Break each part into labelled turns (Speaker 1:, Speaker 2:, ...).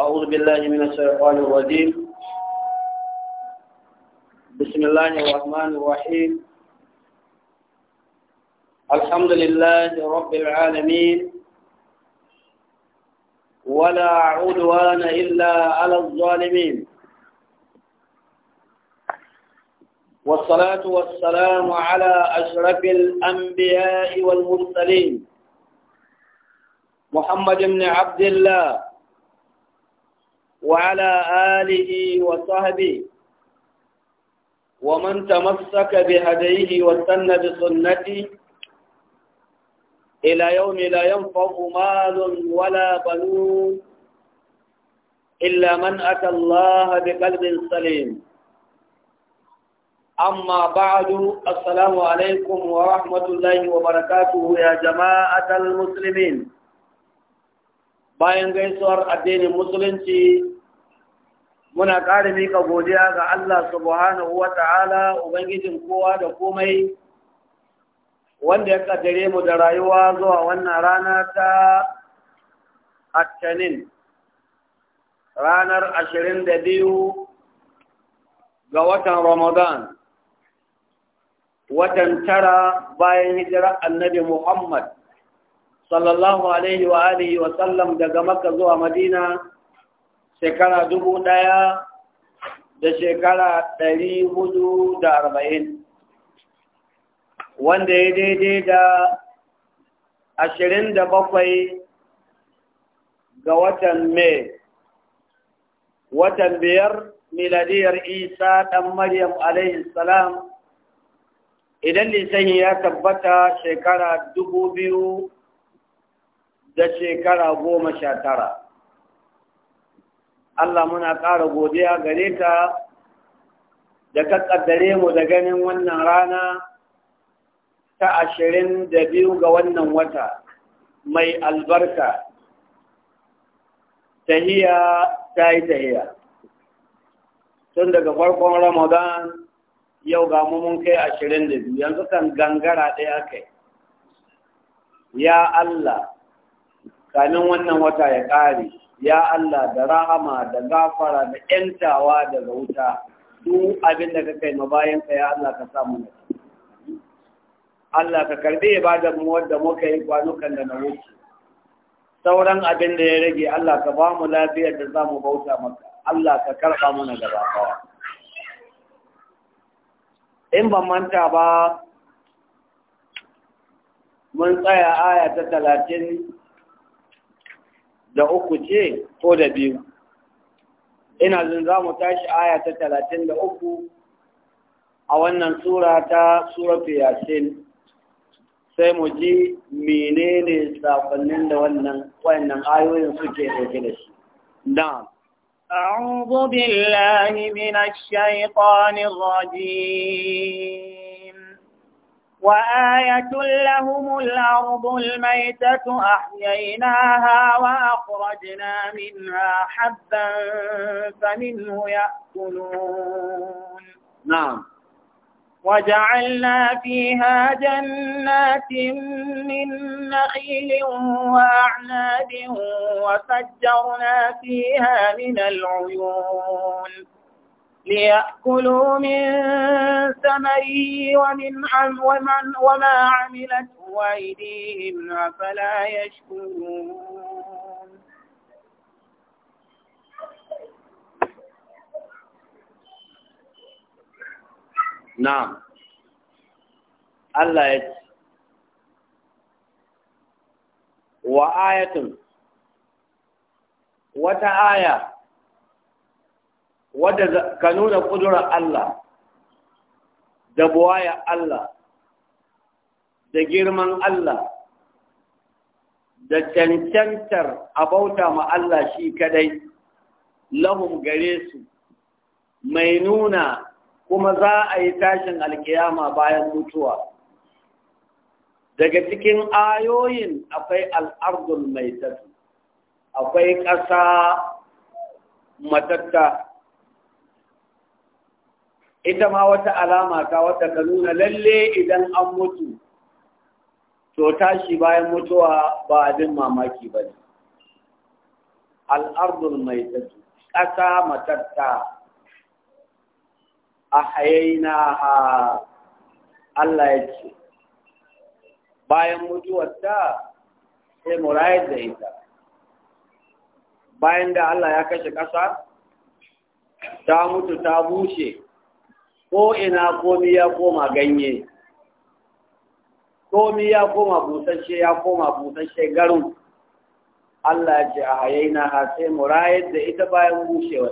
Speaker 1: أعوذ بالله من الشيطان الرجيم بسم الله الرحمن الرحيم الحمد لله رب العالمين ولا عدوان إلا على الظالمين والصلاة والسلام على أشرف الأنبياء والمرسلين محمد بن عبد الله وعلى آله وصحبه ومن تمسك بهديه واستنى بسنته إلى يوم لا ينفع مال ولا بنون إلا من أتى الله بقلب سليم أما بعد السلام عليكم ورحمة الله وبركاته يا جماعة المسلمين bayan gaisuwar addinin musulunci muna ƙara mika godiya ga Allah subhanahu wa ta'ala ubangijin kowa da komai wanda ya ƙadare mu da rayuwa zuwa wannan rana ta attanin ranar ashirin da biyu ga watan ramadan watan tara bayan hijirar annabi muhammad sallallahu alaihi wa alihi wa sallam daga makka zuwa madina shekara dubu ɗaya da shekara ɗari hudu da arba'in wanda ya daidai da ashirin da bakwai ga watan mai watan biyar miladiyar isa ɗan maryam alaihi salam idan lisani ya tabbata shekara dubu biyu da shekara goma sha tara Allah muna ƙara godiya gare ta da ka mu da ganin wannan rana ta ashirin da biyu ga wannan wata mai albarka tahiya ta yi tahiya tun daga farkon ramadan yau ga mun kai ashirin da biyu yanzu kan gangara ɗaya kai ya Allah kamin wannan wata ya ƙare ya Allah da rahama da gafara da ƴantawa daga wuta duk abin da ka kai ma bayan ka ya Allah ka samu na Allah ka karbe ibadar mu wadda muka yi kwanukan da na wuce sauran abin da ya rage Allah ka ba mu lafiyar da za mu bauta maka Allah ka karɓa mana gaba kawa in ban manta ba mun tsaya aya ta talatin da uku ce ko da biyu ina zin za mu tashi aya ta talatin da uku a wannan tsura ta suratu yasin sai mu ji menene sakonnin da wannan wannan ayoyin suke ɗauke da shi na'am
Speaker 2: أعوذ بالله من الشيطان الرجيم وآية لهم الأرض الميتة أحييناها وأخرجنا منها حبا فمنه يأكلون نعم وجعلنا فيها جنات من نخيل وأعناب وفجرنا فيها من العيون ليأكلوا من ثمري ومن عم ومن وما عملته أيديهم أفلا يشكرون
Speaker 1: نعم الله يجزي وآية وتآية wadda ka nuna ƙudurar Allah da buwaya Allah da girman Allah da cancantar abauta ma Allah shi kadai lahum gare su mai nuna kuma za a yi tashin alkiyama bayan mutuwa daga cikin ayoyin akwai al’ardun mai akwai ƙasa matatta ita ma wata alama ta wata ka nuna lalle idan an mutu to tashi bayan mutuwa ba abin mamaki ba ne al'ardun mai tattu ƙasa matatta a hayaina a, Allah ya ce bayan mutuwarta sai murayar da ita bayan da Allah ya kashe ƙasa ta mutu ta bushe ko ina komi ya koma ganye komi ya koma busasshe ya koma busasshe garin Allah ya ce a hayaina ha sai mu da ita bayan bushewar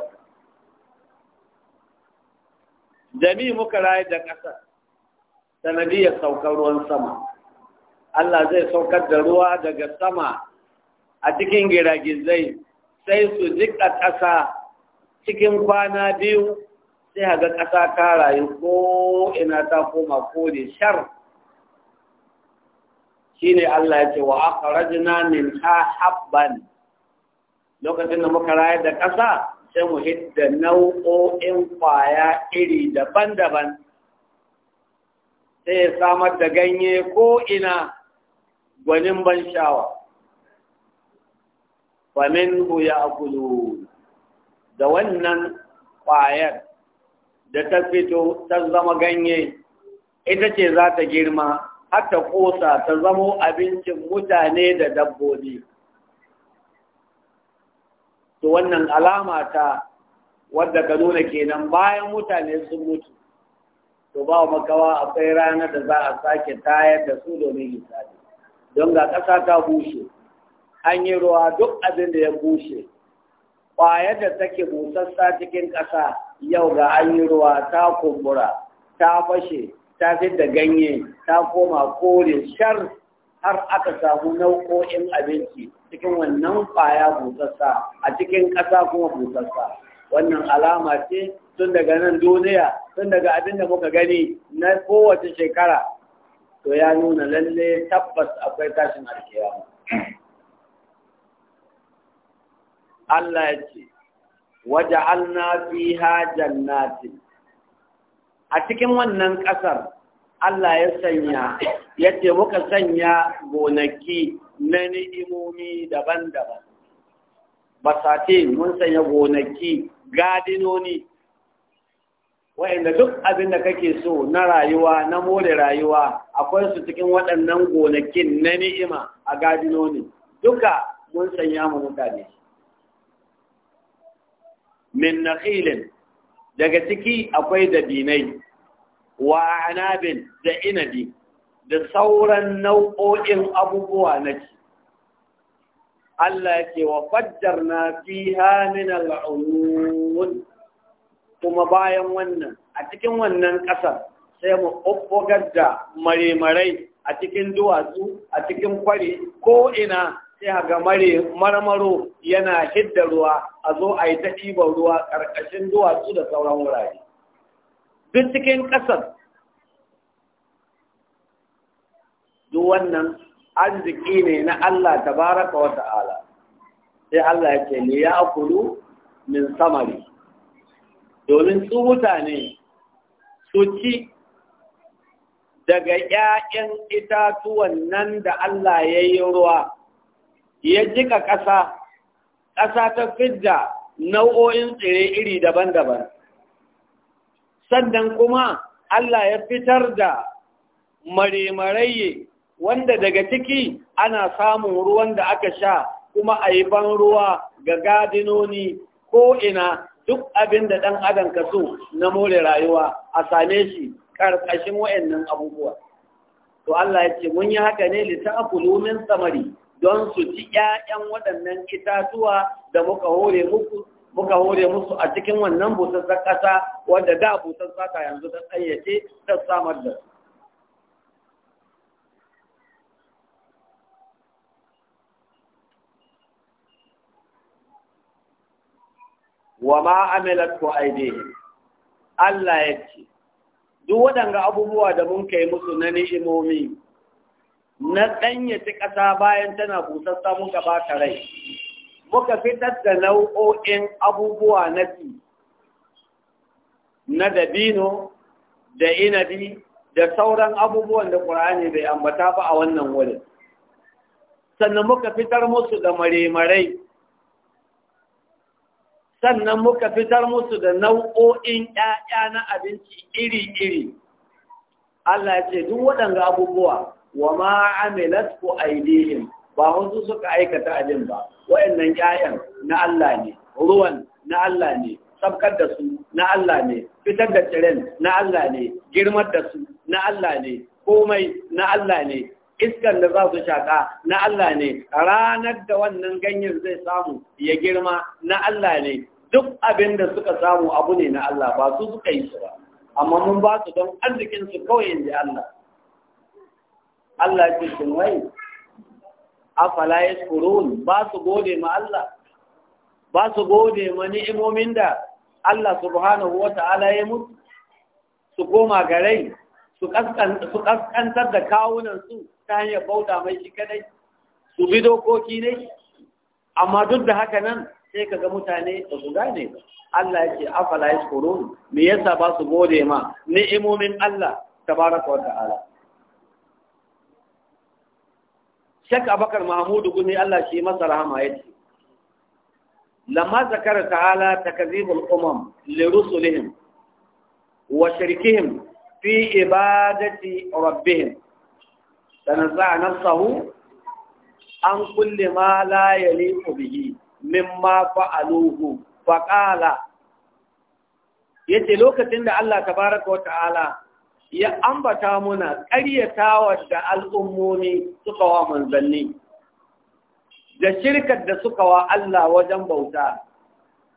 Speaker 1: jami muka rayar da ƙasar sanadiyar saukar ruwan sama Allah zai saukar da ruwa daga sama a cikin giragizai sai su jiƙa ƙasa cikin kwana biyu sai ga ƙasa ta rayu ko ina ta koma ko ne shar ne Allah ya ce wa akhrajna min ha habban lokacin da muka rayar da ƙasa sai mu hidda nau'o'in kwaya iri daban-daban sai ya samar da ganye ko ina gwanin ban sha'awa famin ya da wannan kwayar da ta fito ta zama ganye ita ce za ta girma har ta ƙosa ta zamo abincin mutane da dabbobi to wannan alama ta wadda ka nuna kenan bayan mutane sun mutu to ba makawa akwai rana da za a sake tayar da su domin hisabi don ga ƙasa ta bushe an yi ruwa duk abin da ya bushe ƙwayar da take busassa cikin ƙasa yau ga an ruwa ta kumbura ta fashe ta fi da ganye ta koma kore shar har aka samu nau'o'in abinci cikin wannan kwaya busassa a cikin ƙasa kuma busassa wannan alama ce tun daga nan duniya tun daga abin da muka gani na kowace shekara to ya nuna lalle tabbas akwai tashin alkiyama Allah ya ce waja'alna fiha jannatin a cikin wannan ƙasar Allah ya sanya yadda muka sanya gonaki na ni'imomi daban-daban basati mun sanya gonaki gadinoni wa'inda duk abin da kake so na rayuwa na more rayuwa akwai su cikin waɗannan gonakin na ni'ima a gadinoni duka mun sanya mu mutane min nakhilin daga ciki akwai dabinai wa anabin da inabi da sauran nau'o'in abubuwa na ci Allah ke wa fajjarna fiha min al'uyun kuma bayan wannan a cikin wannan ƙasar sai mu ƙoƙogar da maremarai a cikin duwatsu a cikin kwari ko ina sai ga marmaro yana hidda ruwa a zo a yi ta ɗiban ruwa ƙarƙashin duwatsu da sauran wurare duk cikin ƙasar duk wannan arziki ne na Allah baraka wa ta'ala sai Allah ya ce ya ya'kulu min samari domin su mutane su ci daga 'ya'yan itatuwan nan da Allah ya yi ruwa ya jika ƙasa ƙasa ta fidda nau'o'in tsire iri daban-daban sannan kuma Allah ya fitar da maremaraye wanda daga ciki ana samun ruwan da aka sha kuma a yi ban ruwa ga gadinoni ko'ina duk abin da ɗan adam ka so na more rayuwa a same shi ƙarƙashin wa'annan abubuwa to Allah ya ce mun yi haka ne littafin min samari don su ci ƴaƴan waɗannan itatuwa da muka hore muku muka hore musu a cikin wannan busassar ƙasa wadda da busassa ta yanzu ta tsayyace ta samar da su wa ma amilat ku aidihim Allah ya ce duk waɗanga abubuwa da mun kai musu na ni'imomi na ɗanyaci ƙasa bayan tana busassa muka ba ta rai muka fitar da nau'o'in abubuwa na bi na dabino da inabi da sauran abubuwan da ƙur'ani bai ambata ba a wannan wurin sannan muka fitar musu da maremarai sannan muka fitar musu da nau'o'in ‘ya'ya na abinci iri-iri Allah ce duk waɗanda abubuwa wa ma amilat ku aidihim ba wasu suka aikata abin ba wayannan 'ya'yan na Allah ne ruwan na Allah ne sabkar da su na Allah ne fitar da tiren na Allah ne girmar da su na Allah ne komai na Allah ne iskan da za su shaƙa na Allah ne ranar da wannan ganyen zai samu ya girma na Allah ne duk abin da suka samu abu ne na Allah ba su suka yi su ba amma mun ba su don arzikin su kawai inda Allah Allah ce sun wai afala yashkurun ba su gode ma Allah ba su gode ma ni'imomin da Allah subhanahu Ta'ala ya mutu su koma garai su kaskantar da kawunansu ta hanyar bauta mai shi kadai su bi dokoki ne amma duk da haka nan sai ka ga mutane da su gane ba Allah ya ce afala yashkurun me yasa ba su gode ma ni'imomin Allah Ta baraka wa ta'ala shek abakar mahamudu gumi Allah shi masa rahama ya ce lamma zakara ta'ala takazibul umam li rusulihim wa shirkihim fi ibadati rabbihim tanazza'a nafsahu an kulle ma la yaliqu bihi mimma fa'aluhu faqala yace lokacin da Allah baraka wa ta'ala ya ambata muna ƙaryata da al'ummomi suka wa manzanni da shirkar da suka wa Allah wajen bauta,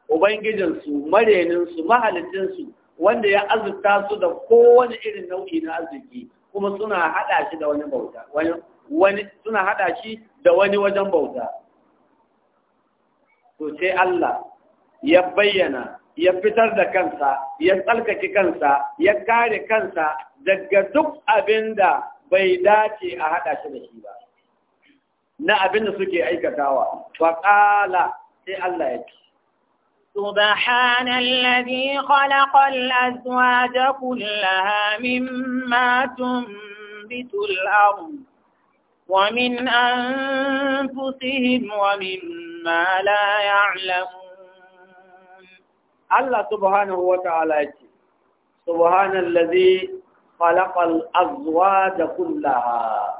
Speaker 1: Ubangijinsu, mareninsu, mahalicinsu, wanda ya azurta su da kowane irin nau'i na arziki, kuma suna haɗa shi da wani bauta, wajen bauta. Sosai Allah ya bayyana ya fitar da kansa ya tsalkake kansa ya kare kansa daga duk abin da bai dace a haɗa shi da shi ba na abin da suke aikatawa ƙala, sai Allah ya ce
Speaker 2: سبحان الذي خلق الأزواج كلها مما تنبت الأرض ومن أنفسهم ومما لا يعلمون
Speaker 1: Allah subhanahu wa ta'ala yake subhanallazi khalaqal da kullaha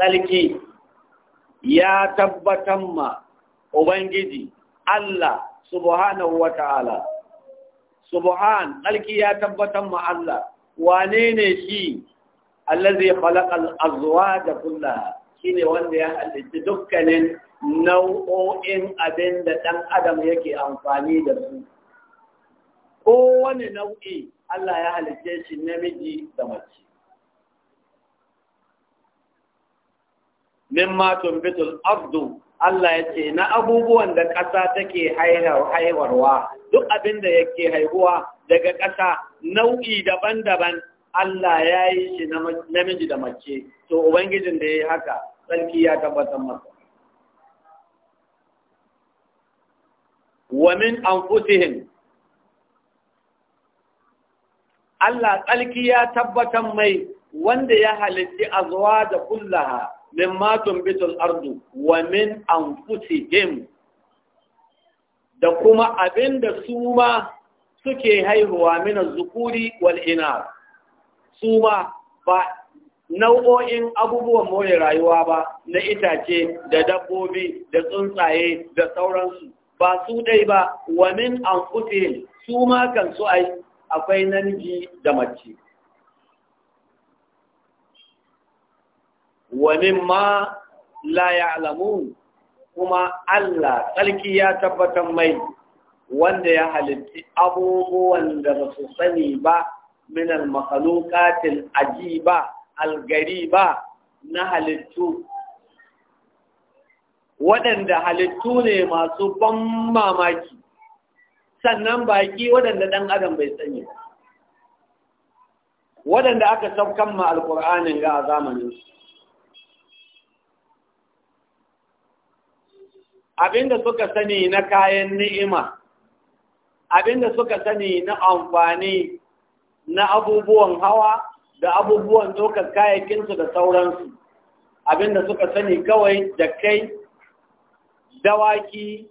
Speaker 1: salki ya tabbatan ma ubangiji Allah subhanahu wa ta'ala subhan salki ya tabbatan ma Allah wane ne shi allazi khalaqal azwaja kullaha ne wanda ya halitta dukkanin nau'o'in abin da ɗan adam yake amfani da su kowane nau'i Allah ya halitta shi namiji da mace Min matun tumbitul ardu Allah ya ce na abubuwan da ƙasa take haihuwa duk abin da yake haihuwa daga ƙasa nau'i daban-daban Allah ya yi shi namiji da mace to ubangijin da ya yi haka tsarki ya tabbatar masa wa min anfusihim Allah tsalki ya tabbatar mai wanda ya halitti azuwa da kullaha min matun bitul ardu wa min him? da kuma abin da su ma suke haihuwa mina zukuri wal'ina su ma ba nau'o'in abubuwan more rayuwa ba na itace da dabbobi da tsuntsaye da sauransu ba su dai ba wa min him, su ma kan su ai akwai namiji da mace wa ma, la ya'lamun kuma Allah tsarki ya tabbatar mai wanda ya halitti abubuwan da ba su sani ba minan aji ba algari ba na halittu waɗanda halittu ne masu ban mamaki sannan baki waɗanda ɗan adam bai sani waɗanda aka saukan ma alƙur'anin ga a zamanin abinda suka sani na kayan ni'ima abinda suka sani na amfani na abubuwan hawa da abubuwan ɗaukar kayakinsu da sauransu abinda suka sani kawai da kai dawaki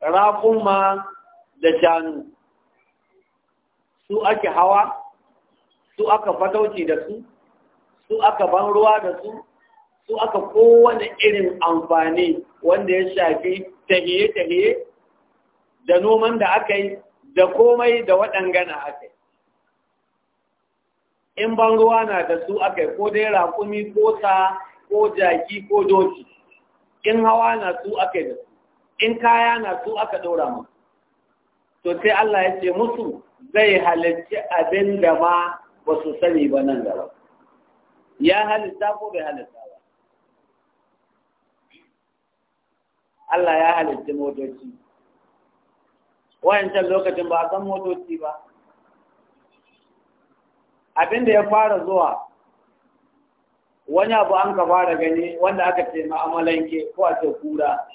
Speaker 1: raƙuma da shanu su ake hawa su aka fatauci da su su aka ban ruwa da su su aka kowane irin amfani wanda ya shafi tahiye-tahiye da noman da aka yi da komai da waɗangana aka yi in ban ruwa na da su aka yi ko dai raƙumi ko sa ko jaki ko doki in hawa na su aka yi da su in kaya na su aka ɗora masu to sai Allah ya ce musu zai halarci abin da ma ba su sani ba nan gaba ya halitta ko bai halitta ba Allah ya halitta motoci wayancan lokacin ba a san motoci ba abin da ya fara zuwa wani abu an ka fara gani wanda aka ce ma'amalanke ko a ce kura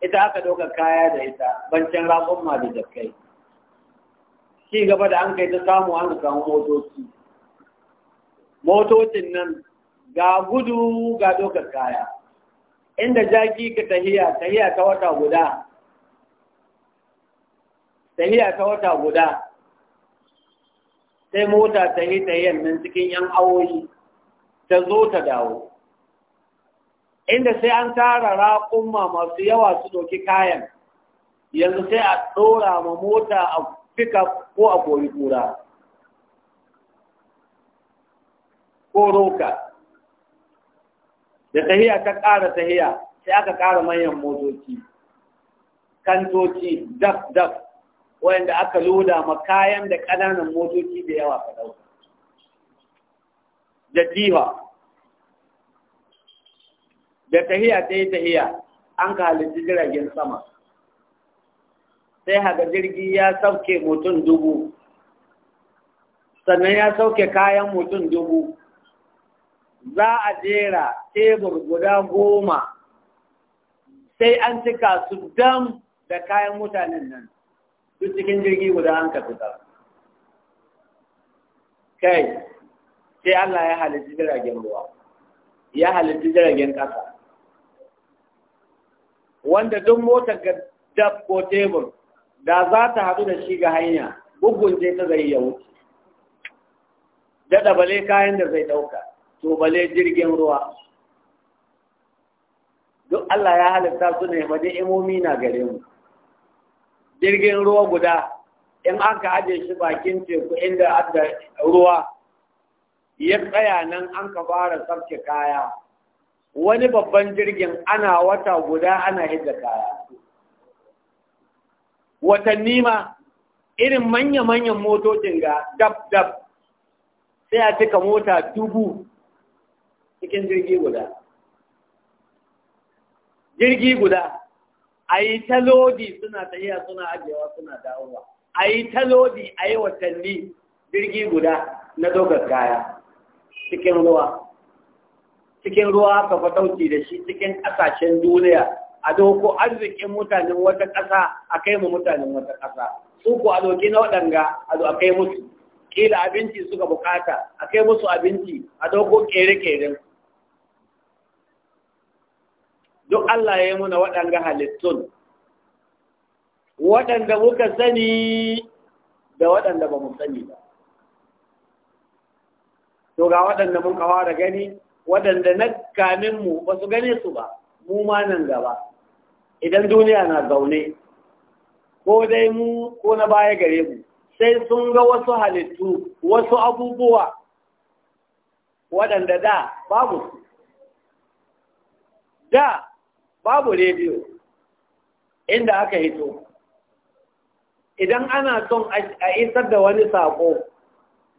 Speaker 1: ita aka ɗaukar kaya da ita bancin ma da jakai ci gaba da an kai ta samu an samu motoci motocin nan ga gudu ga ɗaukar kaya inda jaki ka tahiya tahiya ta wata guda tahiya ta wata guda sai mota ta tahiyan nan cikin yan awoyi ta zo ta dawo inda sai an tara raƙumma masu yawa su ɗauki kayan yanzu sai a ɗora ma mota a fika ko a koyi kura ko roka da tahiya ta ƙara tahiya sai aka ƙara manyan motoci kantoci daf daf wayanda aka loda ma kayan da ƙananan motoci da yawa ka ɗauka da da tahiya ta yi tahiya an ka halitta jiragen sama sai haka jirgi ya sauke mutum dubu sannan ya sauke kayan mutum dubu za a jera tebur guda goma sai an cika su dam da kayan mutanen nan duk cikin jirgi guda an ka fita kai sai Allah ya halitta jiragen ruwa ya halitta jiragen ƙasa wanda duk motar ga dab ko tebur da za ta haɗu da shi ga hanya bugun je ta zai yau wuce daɗa bale kayan da zai ɗauka to bale jirgin ruwa duk Allah ya halitta su ne maje imomi na gare mu jirgin ruwa guda in an ka aje shi bakin teku inda adda ruwa ya tsaya nan an ka fara tsabce kaya wani babban jirgin ana wata guda ana hidda kaya watanni ma irin manya-manyan motocin ga dab-dab sai a cika mota dubu cikin jirgi guda jirgi guda a yi ta lodi suna tafiya suna ajiyewa suna dawowa a yi ta lodi a yi watanni jirgi guda na dokar kaya cikin ruwa cikin ruwa ka fa dauki da shi cikin ƙasashen duniya a doko arzikin mutanen wata ƙasa a kai mu mutanen wata ƙasa su ko a doki na waɗanga a zo a kai musu kila abinci suka bukata a kai musu abinci a doko ƙere-ƙeren duk Allah ya yi muna waɗanga halittun waɗanda muka sani da waɗanda ba mu sani ba. To ga waɗanda mun kawara gani waɗanda na kamin mu ba su gane su ba mu ma nan gaba idan duniya na zaune ko dai mu ko na baya gare mu sai sun ga wasu halittu wasu abubuwa waɗanda da babu su da babu rediyo inda aka hito idan ana son a isar da wani sako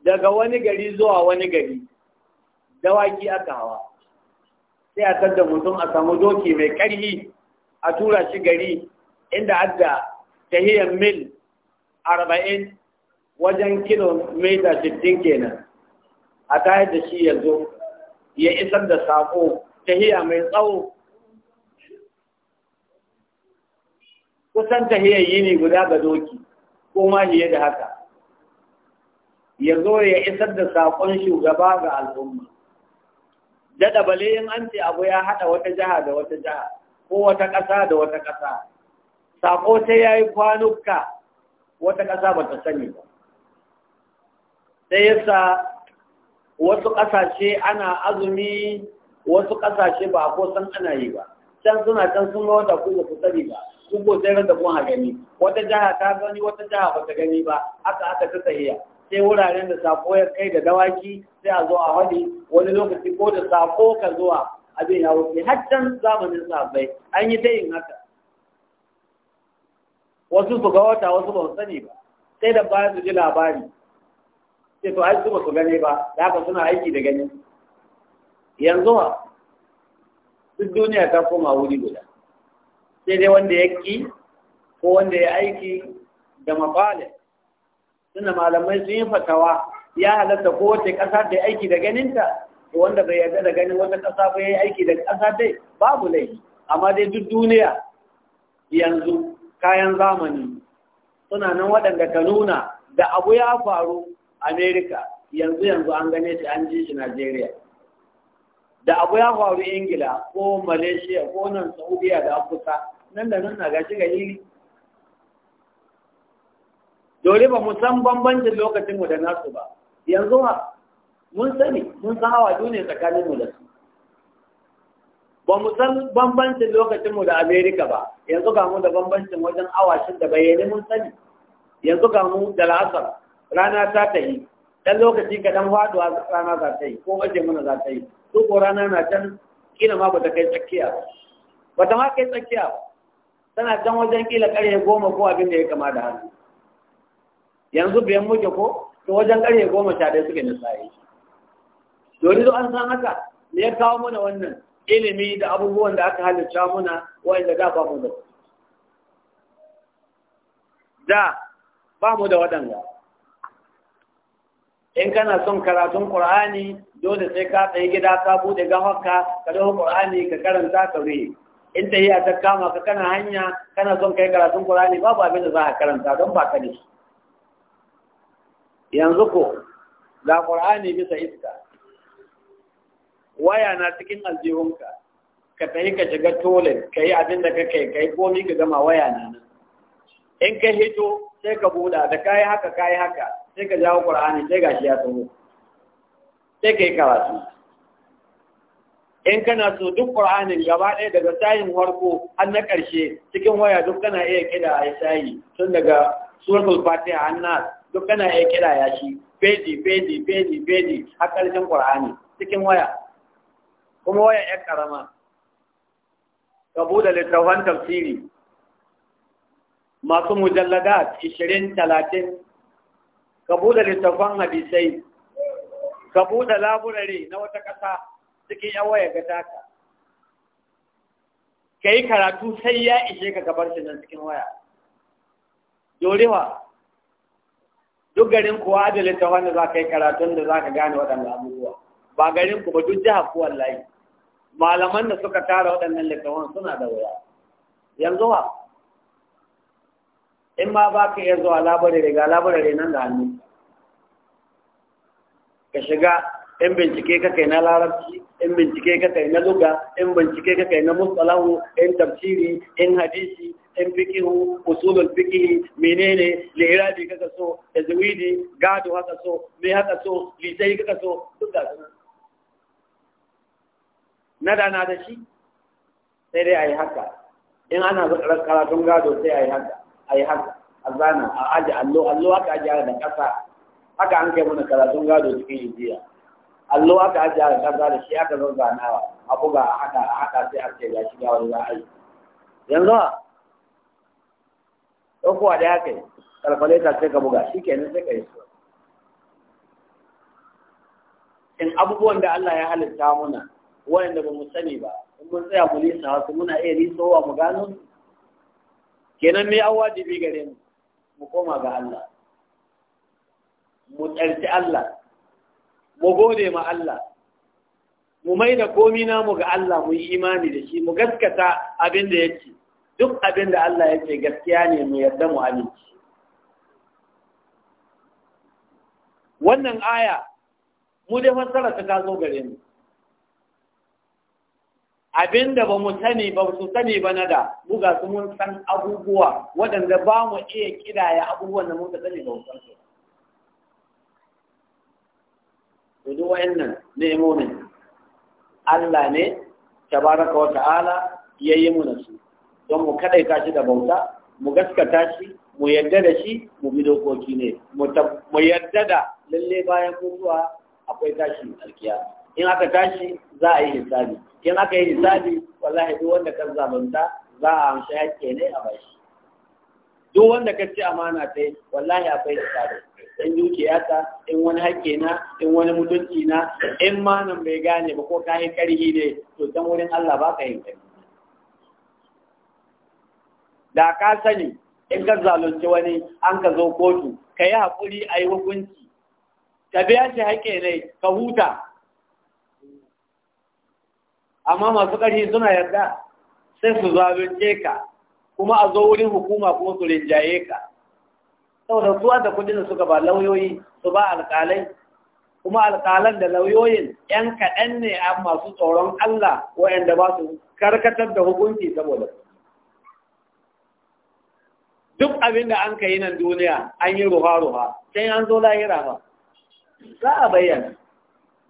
Speaker 1: daga wani gari zuwa wani gari dawaki aka hawa sai a tadda mutum a samu doki mai karhi a tura shi gari inda adda tahiyar mil arba'in wajen kilomita sittin kenan a tayar da shi yanzu ya isar da saƙo tahiya mai tsawo kusan tahiyar yini guda ga doki ko ma fiye da haka ya zo ya isar da saƙon shugaba ga al'umma daɗa bale yin an ce abu ya haɗa wata jaha da wata jaha ko wata ƙasa da wata ƙasa saƙo sai ya yi kwanuka wata ƙasa ba ta sani ba sai yasa wasu ƙasashe ana azumi wasu ƙasashe ba ko san ana yi ba can suna can sun wata kuma ku sani ba ku ko sai da kun ha gani wata jaha ta gani wata jaha ba ta gani ba haka aka ta tsayiya sai wuraren da sako ya kai da dawaki sai a zo a hali wani lokaci ko da sako ka zuwa abin ya wuce hattan zamanin sabai an yi ta yin haka wasu su ga wata wasu ba su sani ba sai da bayan su ji labari sai to ai su ba su gane ba da haka suna aiki da gani yanzu ha duk duniya ta koma wuri guda sai dai wanda ya ki ko wanda ya aiki da mafalin. suna malamai sun yi fatawa ya halatta ko wace ƙasa da aiki da ganinta wanda bai yarda da ganin wata ƙasa ba ya aiki da ƙasa dai babu laifi amma dai duk duniya yanzu kayan zamani suna nan waɗanda ka nuna da abu ya faru amerika yanzu yanzu an gane shi an ji shi najeriya da abu ya faru ingila ko malaysia ko nan saudiya da afirka nan da nan na gashi ga hili dole ba mu san bambancin lokacin mu da nasu ba yanzu ha mun sani mun san hawa duniya tsakanin mu da su ba mu san bambancin lokacin mu da Amerika ba yanzu ga mu da bambancin wajen awa da bayyane mun sani yanzu ga mu da la'asar rana ta ta yi dan lokaci ka dan faduwa rana za ta yi ko waje mana za ta yi su ko rana na can kila ma bata kai tsakiya ba ta ma kai tsakiya ba tana can wajen kila karye goma ko abin da ya kama da hannu yanzu biyan muke ko to wajen ƙarfe goma sha ɗaya suke nisaye domin zo an san haka me ya kawo mana wannan ilimi da abubuwan da aka halitta muna wa'inda da ba mu da da ba mu da waɗanda in kana son karatun ƙur'ani dole sai ka tsaye gida ka buɗe gawarka ka dawo ƙur'ani ka karanta ka rufe in ta yi a ta kama ka kana hanya kana son kai karatun ƙur'ani babu abin da za a karanta don ba ka yanzu ko ga qur'ani bisa iska waya na cikin aljihunka ka tafi ka shiga tolin ka yi abin da ka kai ka yi komi ka gama waya na nan in ka hito sai ka buɗa da yi haka yi haka sai ka jawo qur'ani sai gashi ya tsoro sai ka yi karatu in kana so duk ƙur'anin gaba ɗaya daga sayin farko har na ƙarshe cikin waya duk kana iya kida a yi sayi tun daga suratul fatiha annas duk kana ya kira ya shi feji feji feji feji a ƙarshen ƙur'ani cikin waya kuma waya ya ƙarama ka buɗe littafan tafsiri masu mujallada ishirin talatin ka buɗe littafan hadisai ka buɗe laburare na wata ƙasa cikin 'yan waya ga taka ka yi karatu sai ya ishe ka gabar shi nan cikin waya dorewa duk garin kuwa da littafin da za ka yi karatun da za ka gane waɗanda abubuwa ba garin ku ba duk jiha ku wallahi malaman da suka tara waɗannan littafin suna da wuya yanzu ba in ma ba ka iya zuwa labarai daga labarai nan da hannu ka shiga in bincike ka kai na larabci in bincike ka kai na luga in bincike ka kai na musalahu in tafsiri in hadisi in fikihu usulul fikihi menene lirabi kaka so tazwidi gado haka so me haka so sai kaka so duk da na da na da shi sai dai ayi haka in ana karatun gado sai ayi haka ayi haka azana a aji allo allo haka aji da kasa haka an kai mana karatun gado cikin jiya. allo aka aje da kaza da shi aka ganawa, a buga a haɗa a haɗa sai a ce ga shi ga wani za yanzu. yanzu a ɗaukowa da ya kai kalkuleta sai ka buga shi ke nan sai ka yi su in abubuwan da Allah ya halitta muna da ba mu sani ba in mun tsaya mu lisa wasu muna iya wa mu gano su kenan me an jibi gare mu mu koma ga Allah mu tsarci Allah mu gode ma Allah mu mai da komi namu ga Allah mu yi imani da shi mu gaskata abin da yake duk abin da Allah yake gaskiya ne mu yarda mu aminci wannan aya mu dai fassara ta zo gare mu abin da ba mu sani ba su sani ba na da buga su mun san abubuwa waɗanda ba mu iya kidaya abubuwan da mun sani ba mu san su to duk wayannan ne'imomin Allah ne tabaraka wa ta'ala ya yi mu nasu don mu kadaita shi da bauta mu gaskata shi mu yadda da shi mu bi dokoki ne mu yadda da lalle bayan mutuwa akwai tashi alkiya in aka tashi za a yi hisabi in aka yi hisabi wallahi duk wanda ka zabanta za a amshi hakke ne a bashi duk wanda ka ci amana ta wallahi akwai hisabi in dukiya ta in wani hakke na in wani mutunci na in ma nan bai gane ba ko kai karhi ne to san wurin Allah ba ka yin da ka sani in ka zalunci wani an ka zo kotu ka yi haƙuri a yi hukunci ka biya shi hakke ne ka huta amma masu ƙarfi suna yarda sai su zalunce ka kuma a zo wurin hukuma kuma su rinjaye ka saboda zuwa da kudin suka ba lauyoyi su ba alƙalai kuma alƙalan da lauyoyin ‘yan kaɗan ne a masu tsoron Allah wa'anda ba su karkatar da hukunci saboda duk abin da an ka yi nan duniya an yi ruha-ruha sai an zo lahira ba za a bayyana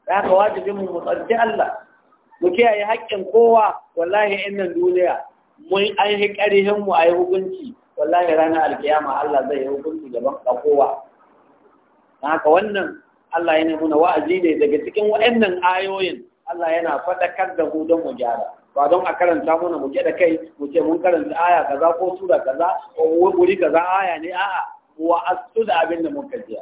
Speaker 1: za ka wajibin mu tsarki Allah mu kiyaye haƙƙin kowa wallahi in nan duniya mun an yi ƙarihin mu a yi hukunci wallahi ranar alkiyama Allah zai yi hukunci gaban kowa don haka wannan Allah yana nuna wa'azi ne daga cikin waɗannan ayoyin Allah yana faɗakar da mu don mu gyara ba don a karanta mana mu da kai mu ce mun karanta aya kaza ko sura kaza ko wuri
Speaker 2: kaza aya ne a'a wa astu da abin da muka ji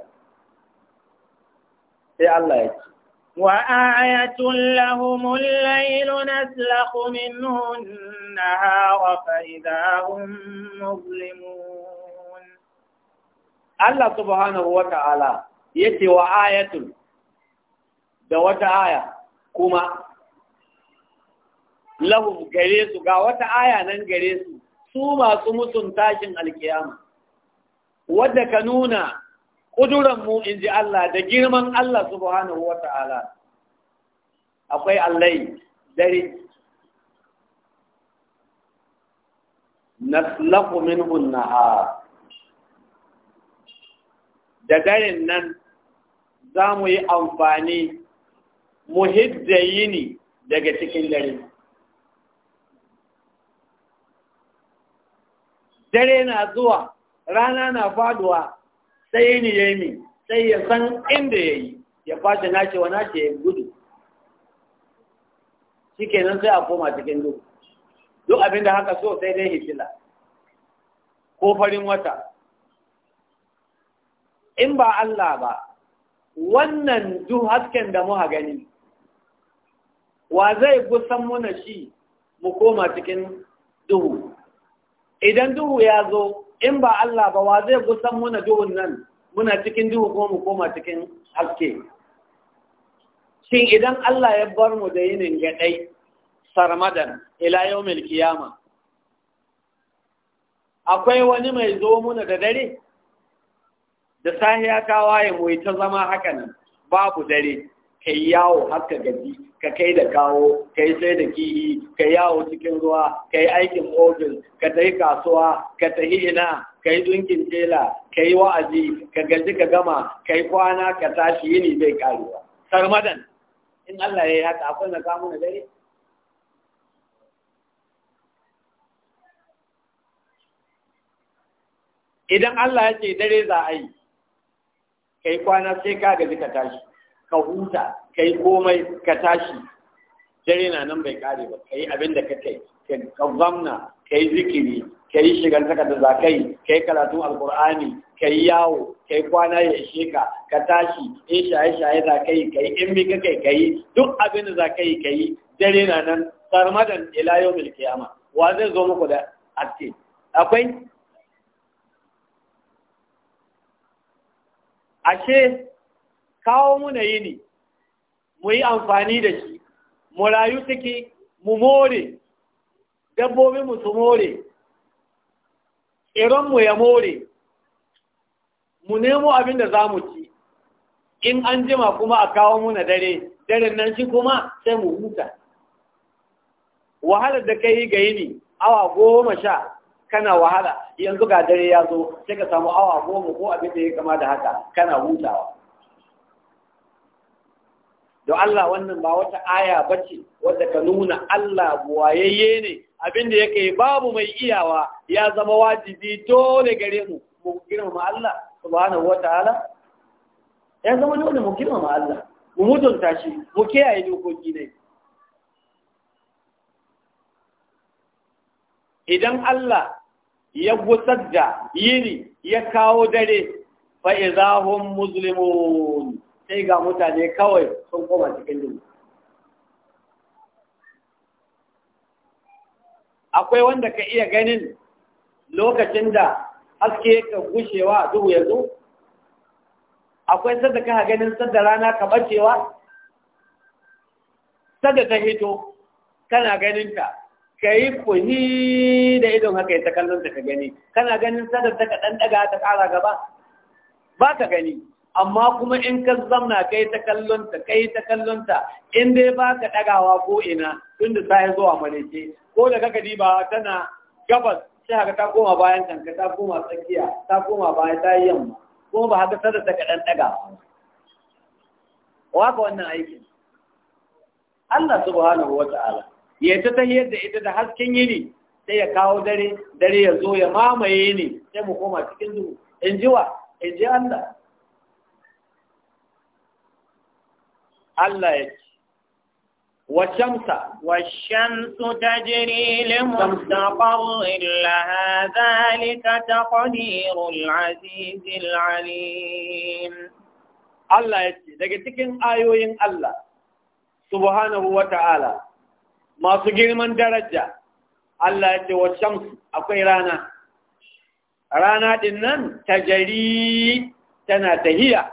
Speaker 1: sai Allah ya ce
Speaker 2: وآية لهم الليل نسلخ منه النهار فإذا هم مظلمون
Speaker 1: الله سبحانه وتعالى يتي وآية da wata aya kuma lahum gare su ga wata aya nan gare su su masu musun tashin alkiyama wadda ka nuna Kuduran mu in ji Allah da girman Allah subhanahu wa ta'ala akwai allai dare naslaku hunna a da garin nan za mu yi amfani mu yini daga cikin dare dare na zuwa rana na faduwa sai ni ya yi sai ya san inda ya yi ya kwashe nace wa nace ya gudu shi kenan sai a koma cikin duhu duk abinda haka so sai dai hitila ko farin wata in ba Allah ba wannan duk hasken da muka gani wa zai gusan na shi mu koma cikin duhu idan duhu ya zo in ba Allah ba wa zai gusan muna duhun nan muna cikin duhu ko mu koma cikin haske shin idan Allah ya bar mu da yinin gadai sarmadan ila yawmil kiyama akwai wani mai zo muna da dare da sahiya ta waye mu ta zama haka nan babu dare kai yawo haka gaji ka kai da kawo ka yi sai da kihi ka yawo cikin ruwa ka yi aikin ofis ka tafi kasuwa ka tafi ina ka yi dunkin tela ka yi wa'azi ka gaji ka gama ka yi kwana ka tashi yini bai karuwa sarmadan in Allah ya yi haka akwai na samu na dare idan Allah ya ce dare za a yi ka yi kwana sai ka gaji ka tashi ka huta kai komai ka tashi dare na nan bai kare ba kai yi abin da ka kai ka zamna ka zikiri kai yi shigantaka da zakai kai karatu karatun alkur'ani ka yawo kai kwana ya ishe ka tashi in shaye-shaye za ka yi in bi ka kai ka duk abin da zakai ka yi dare na nan sarmadan ila yau qiyama wa zai zo muku da aske akwai ashe kawo muna yini mu yi amfani da shi mu rayu ciki mu more dabbobinmu mu su more mu ya more mu nemo abin da za mu ci in an jima kuma a kawo muna dare dare nan shi kuma sai mu huta wahalar da kai ga yini awa goma sha kana wahala yanzu ga dare ya zo sai ka samu awa goma ko abin da ya kama da haka kana hutawa don Allah wannan ba wata aya ba ce, wadda ka nuna Allah buwayayye ne abinda yake babu mai iyawa ya zama wajibi dole gare mu mu girmama Allah subhanahu wataala ya zama dole mu girmama Allah mu mutunta shi mu kiyaye dokoki ne idan Allah ya gusar da yini ya kawo dare fa idahum muslimun sai ga mutane kawai sun koma cikin duhu akwai wanda ka iya ganin lokacin da haske ka gushewa duhu ya akwai sadda ka ganin sadda rana ka bacewa sadda ta hito kana ganin ta ka yi kuni da idon haka ya ta kallon ta ka gani kana ganin sadda ta ka ɗan ta ƙara gaba ba ka gani amma kuma in ka zamna kai ta kallonta kai ta kallonta in dai ba ka ɗagawa ko ina tun da ta zuwa maleke ko da kaka ba tana gabas sai haka ta koma bayan kanka ta koma tsakiya ta koma bayan ta yi yamma kuma ba haka sadar ta kaɗan Wa ka wannan aikin Allah subhanahu wa ta'ala ya ta ta da ita da hasken yini sai ya kawo dare dare ya zo ya mamaye ni sai mu koma cikin duhu in ji wa in ji Allah Allah ya ce والشمس
Speaker 2: والشمس تجري لمستقر لها ذلك تقدير العزيز Allah ya ce daga cikin ayoyin Allah
Speaker 1: subhanahu ta’ala, masu girman daraja Allah ce wa shamsu akwai rana rana din nan jari tana tahiya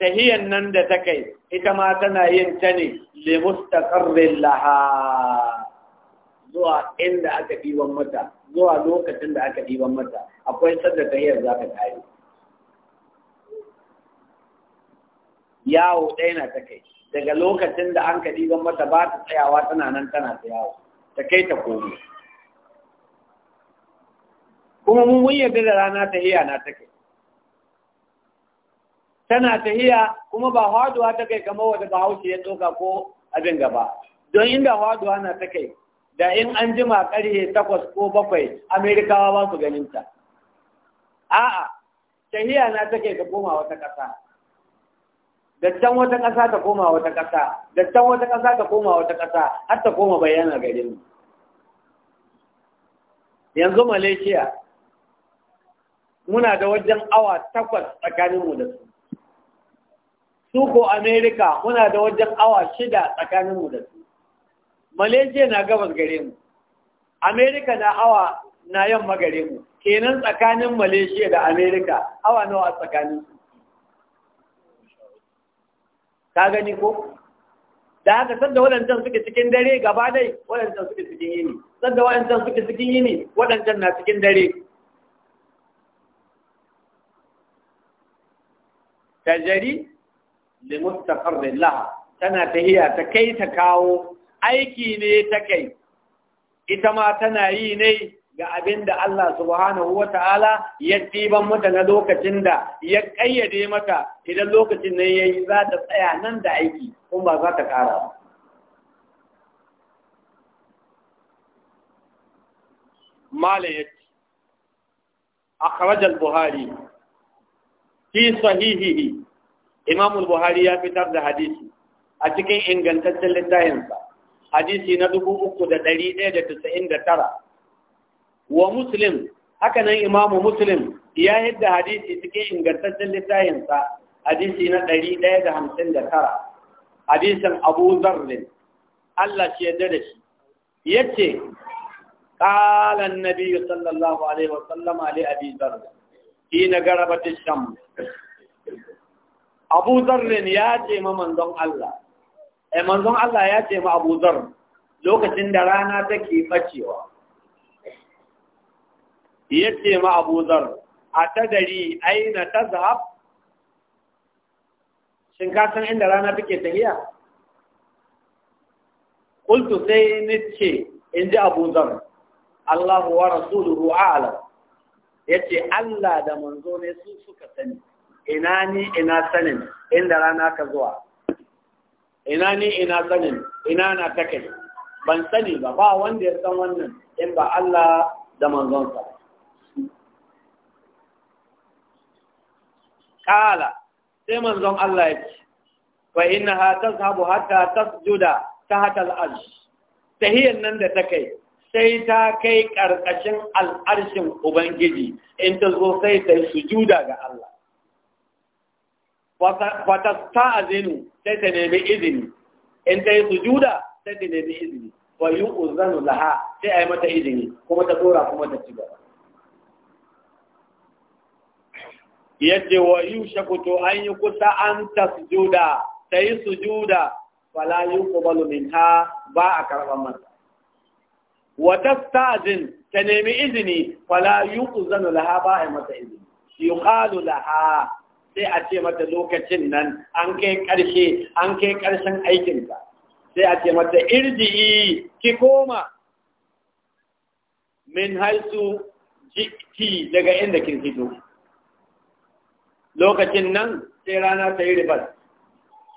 Speaker 1: tahiyan nan da ta kai ita ma tana yin ta ne le mustaqarrin laha zuwa inda aka ɗiban mata zuwa lokacin da aka ɗiban mata akwai sadda tahiyar za ka tayi yawo ɗaya na ta kai daga lokacin da an ka ɗiban mata ba ta tsayawa tana nan tana ta yawo ta kai ta komo kuma mun yarda da rana tahiya na ta kai tana tahiya kuma ba haduwa ta kai kamar wata bahaushe ya tsoka ko abin gaba don inda haduwa na ta kai da in an jima karye takwas ko bakwai amerikawa ba su ganin ta a'a tahiya na ta kai ta koma wata ƙasa da can wata ƙasa ta koma wata ƙasa da can wata ƙasa ta koma wata ƙasa har ta koma bayyana garin yanzu malaysia muna da wajen awa takwas tsakaninmu da su su ko Amerika muna da wajen awa shida tsakanin mu da su malaysia na gabas gare mu Amerika na awa na yamma gare mu kenan tsakanin malaysia da Amerika awa nawa a tsakanin su ka gani ko da haka sanda waɗancan suke cikin dare gaba dai waɗancan suke cikin yini sanda waɗancan suke cikin yini waɗancan na cikin dare tajari limustaqarrin laha tana tahiya ta kai ta kawo aiki ne ta kai ita ma tana yi ne ga abin da Allah subhanahu wa ta'ala ya ɗiban mata na lokacin da ya ƙayyade mata idan lokacin ne yayi yi za ta tsaya nan da aiki kuma ba za ta ƙara ba. Malayat, a Buhari, fi sahihihi Imam Buhari ya fitar da hadisi a cikin ingantaccen littafinsa hadisi na 3199 wa Muslim haka nan Imam Muslim ya yadda hadisi cikin ingantaccen littafinsa hadisi na 159 hadisin Abu Zarrin Allah shi yadda da shi yace قال النبي sallallahu alaihi عليه ali abi ذر ina غربت الشمس Abu ne ya ce ma manzon Allah eh manzon Allah ya ce ma Abu Zarr lokacin da rana take bacewa ya ce ma Abu Zarr a dari aina ta zahab shin ka san inda rana take tafiya kultu sai ni ce in ji Abu Zarr Allah wa rasuluhu a'lam ce Allah da manzo ne su suka sani ina ni ina sanin inda rana ka zuwa ina ni ina sanin ina na ta kai ban sani ba ba wanda ya san wannan in ba Allah da manzonsa kala sai manzon Allah ya ce fa innaha tazhabu hatta tasjuda tahta al-arsh tahiyan nan da ta kai sai ta kai karkashin al-arshin ubangiji in ta zo sai ta sujuda ga Allah fatasta azinu sai ta nemi izini in ta yi sujuda sai ta nemi izini wa yi uzanu laha sai a yi mata izini kuma ta tsora kuma ta ci gaba yadda wa yi shakuto an yi kusa an ta sujuda ta yi sujuda fala yi kubalu min ha ba a karɓar mata wata stazin ta nemi izini fala yi uzanu laha ba a yi mata izini yi laha sai a ce mata lokacin nan an kai ƙarshe an kai ƙarshen aikinka sai a ce mata irji'i ki koma min haisu jikki daga inda kin fito lokacin nan sai rana ta yi ribar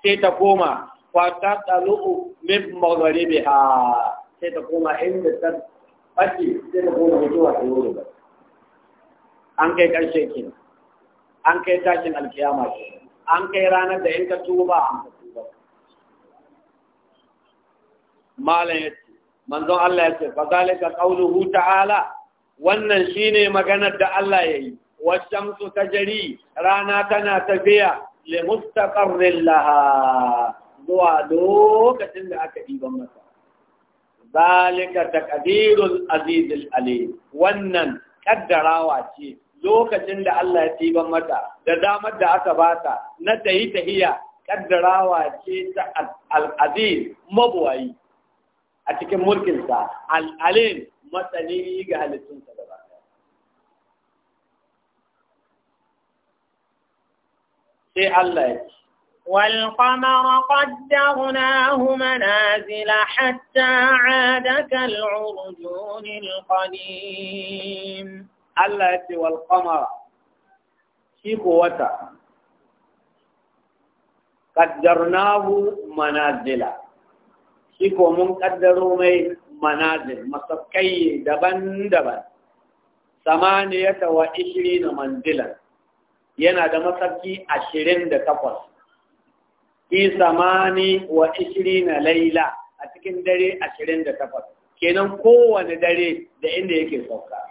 Speaker 1: sai ta koma kwata ɗalu'u min ha sai ta koma inda ta ɓace sai ta koma fitowa ta yi ribar an kai ƙarshe kenan an kai tashin alkiyama ke an kai ranar da yin ka tuba an ka tuba malam ya ce manzon Allah ya ce fa zalika qauluhu ta'ala wannan shine maganar da Allah yayi wasamsu tajri rana tana tafiya li mustaqarrin laha zuwa lokacin da aka diban masa zalika taqdirul azizul alim wannan kaddarawa ce lokacin da Allah ya tiban mata da damar da aka bata na tayi tahiya kaddarawa ce ta al-aziz mabuwayi a cikin mulkinsa al-alim matsani ga halittunsa gaba sai Allah
Speaker 2: ya ce والقمر قدرناه منازل حتى عاد كالعرجون القديم Allah ya ce wal qamara
Speaker 1: shi ko wata qaddarnahu manazila shi ko mun kaddaro mai manazil masakai daban-daban samaniyata wa ishirina manzilan yana da masaki ashirin da takwas fi samani wa ishirina laila a cikin dare ashirin da takwas kenan kowane dare da inda yake sauka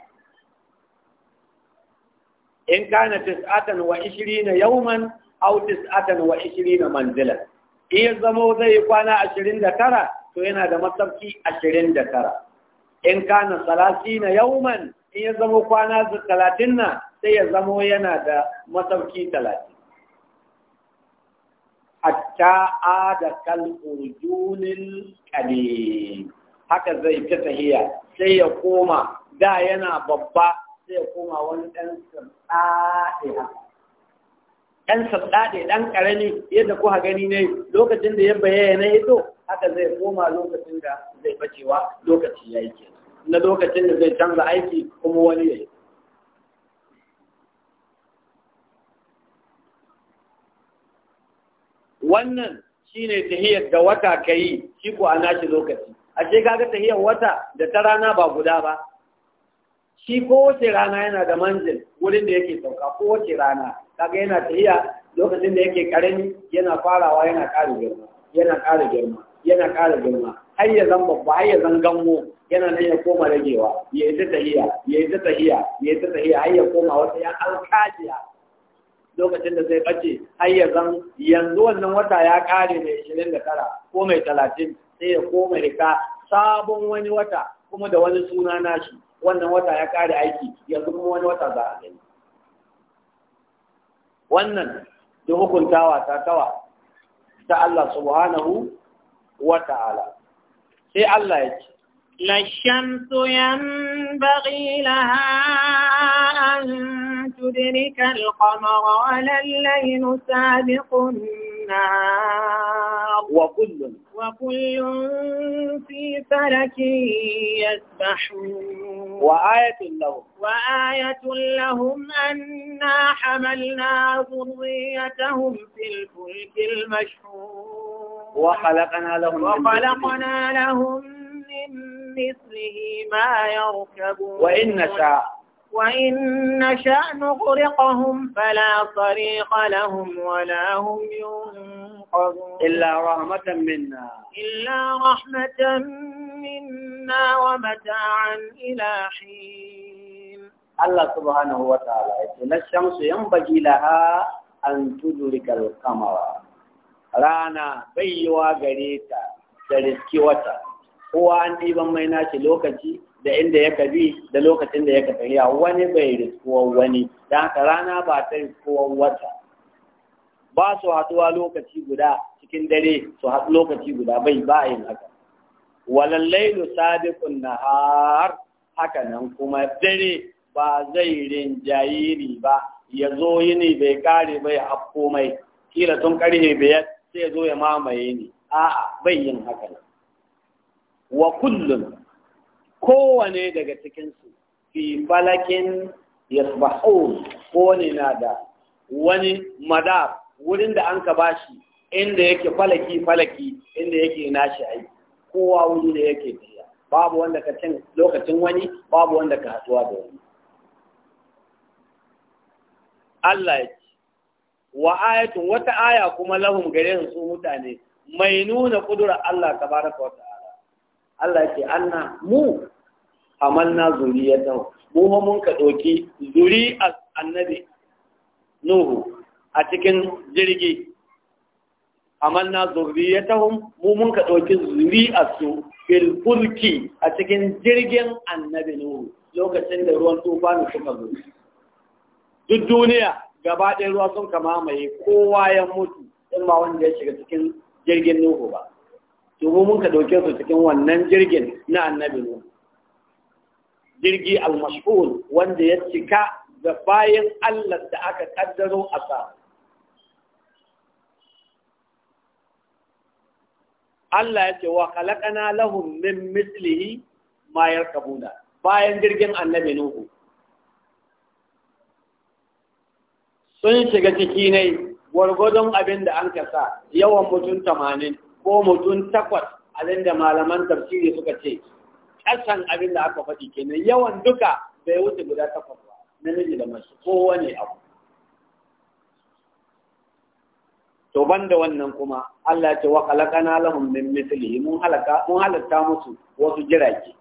Speaker 1: in kana tis'atan wa ishirina yawman aw tis'atan wa ishirina manzilan iya zamo zai kwana ashirin da tara to yana da masauki ashirin da tara in kana salasina yawman in ya zamo kwana talatin na sai ya zamo yana da masauki talatin hatta da kalfurjunin kane haka zai fi tahiya sai ya koma da yana babba Zai koma wani ɗan
Speaker 2: sirɗaɗe
Speaker 1: ɗan sabɗaɗe ɗan ƙarami yadda kuka gani ne lokacin da ya bayyana na to haka zai koma lokacin da zai bacewa lokaci ya yi na lokacin da zai canza aiki kuma wani ya yi wannan shi ne tahiyar da wata ka yi shi ko a nashi lokaci ashe kaga tahiyar wata da ta rana ba guda ba shi kowace rana yana da manzil wurin da yake sauka kowace rana kaga yana tafiya lokacin da yake karami yana farawa yana ƙara girma yana ƙara girma yana ƙara girma har ya zan babba har ya zan ganmo yana nan ya koma ragewa ya yi tahiya ya yi tahiya ya yi tahiya har ya koma wata ya alƙajiya lokacin da zai ɓace har ya zan yanzu wannan wata ya ƙare mai ishirin da tara ko mai talatin sai ya koma rika sabon wani wata kuma da wani suna nashi wannan wata ya kare aiki yanzu kuma wani wata za a gani wannan da hukuntawa ta kawa, ta Allah subhanahu wa ta'ala sai Allah ya ce
Speaker 2: للشمس ينبغي لها أن تدرك القمر ولا الليل سابق Wa وكل وكل في فلك يسبحون وآية لهم وآية لهم أنا حملنا ذريتهم في الفلك المشحون
Speaker 1: وخلقنا لهم وخلقنا
Speaker 2: لهم من مثله ما يركبون وإن نشاء وإن نشأ نغرقهم فلا طريق لهم ولا هم ينقذون إلا رحمة منا إلا رحمة منا ومتاعا إلى حين
Speaker 1: الله سبحانه وتعالى يقول الشمس ينبغي لها أن تدرك القمر رانا بيوا غريتا ترسكي وتا هو عندي بميناتي لوكتي da inda ya kabi da lokacin da ya tafiya wani bai riskuwar wani da haka rana ba ta riskuwar wata ba su haɗuwa lokaci guda cikin dare su haɗu lokaci guda bai ba yin haka walan lailu na nahar haka nan kuma dare ba zai rinjayiri ba ya zo yini bai kare bai hakko mai kila tun karhe biyar sai zo ya mamaye ni a'a bai yin haka wa kullum kowane daga cikinsu fi falakin ko kowane na da wani madar wurin da an ka bashi inda yake falaki falaki inda yake nashi aiki kowa wuri da yake tafiya babu wanda ka cin lokacin wani babu wanda ka hatuwa da wani Allah ya ce wa ayatun wata aya kuma lahum gare su mutane mai nuna kudura Allah tabaraka wa ta'ala Allah ya ce anna mu hamalna zuriyatahu mu ma mun ka ɗauki zuri'ar annabi Nuhu a cikin jirgi amalna zurriyatahum mu mun ka ɗauki zuri'arsu fil furki a cikin jirgin annabi Nuhu lokacin da ruwan tufani suka zo duk duniya gaba ɗaya ruwa sun kama mai kowa ya mutu in ba wanda ya shiga cikin jirgin Nuhu ba to mu mun ka su cikin wannan jirgin na annabi Nuhu jirgi al wanda ya cika da bayan Allah da aka kaddaro a sa Allah ya ce wa khalaqana lahum min mislihi ma yarkabuna bayan jirgin annabi Nuhu sun shiga ciki ne gwargwadon abin da an kasa yawan mutum tamanin ko mutum takwas abin da malaman tafsiri suka ce ƙasan abin da aka faɗi kenan yawan duka bai wuce guda takwas ba namiji da mace kowane abu to ban da wannan kuma Allah ya ce wa khalaqana lahum min mithlihi mun halatta musu wasu jirage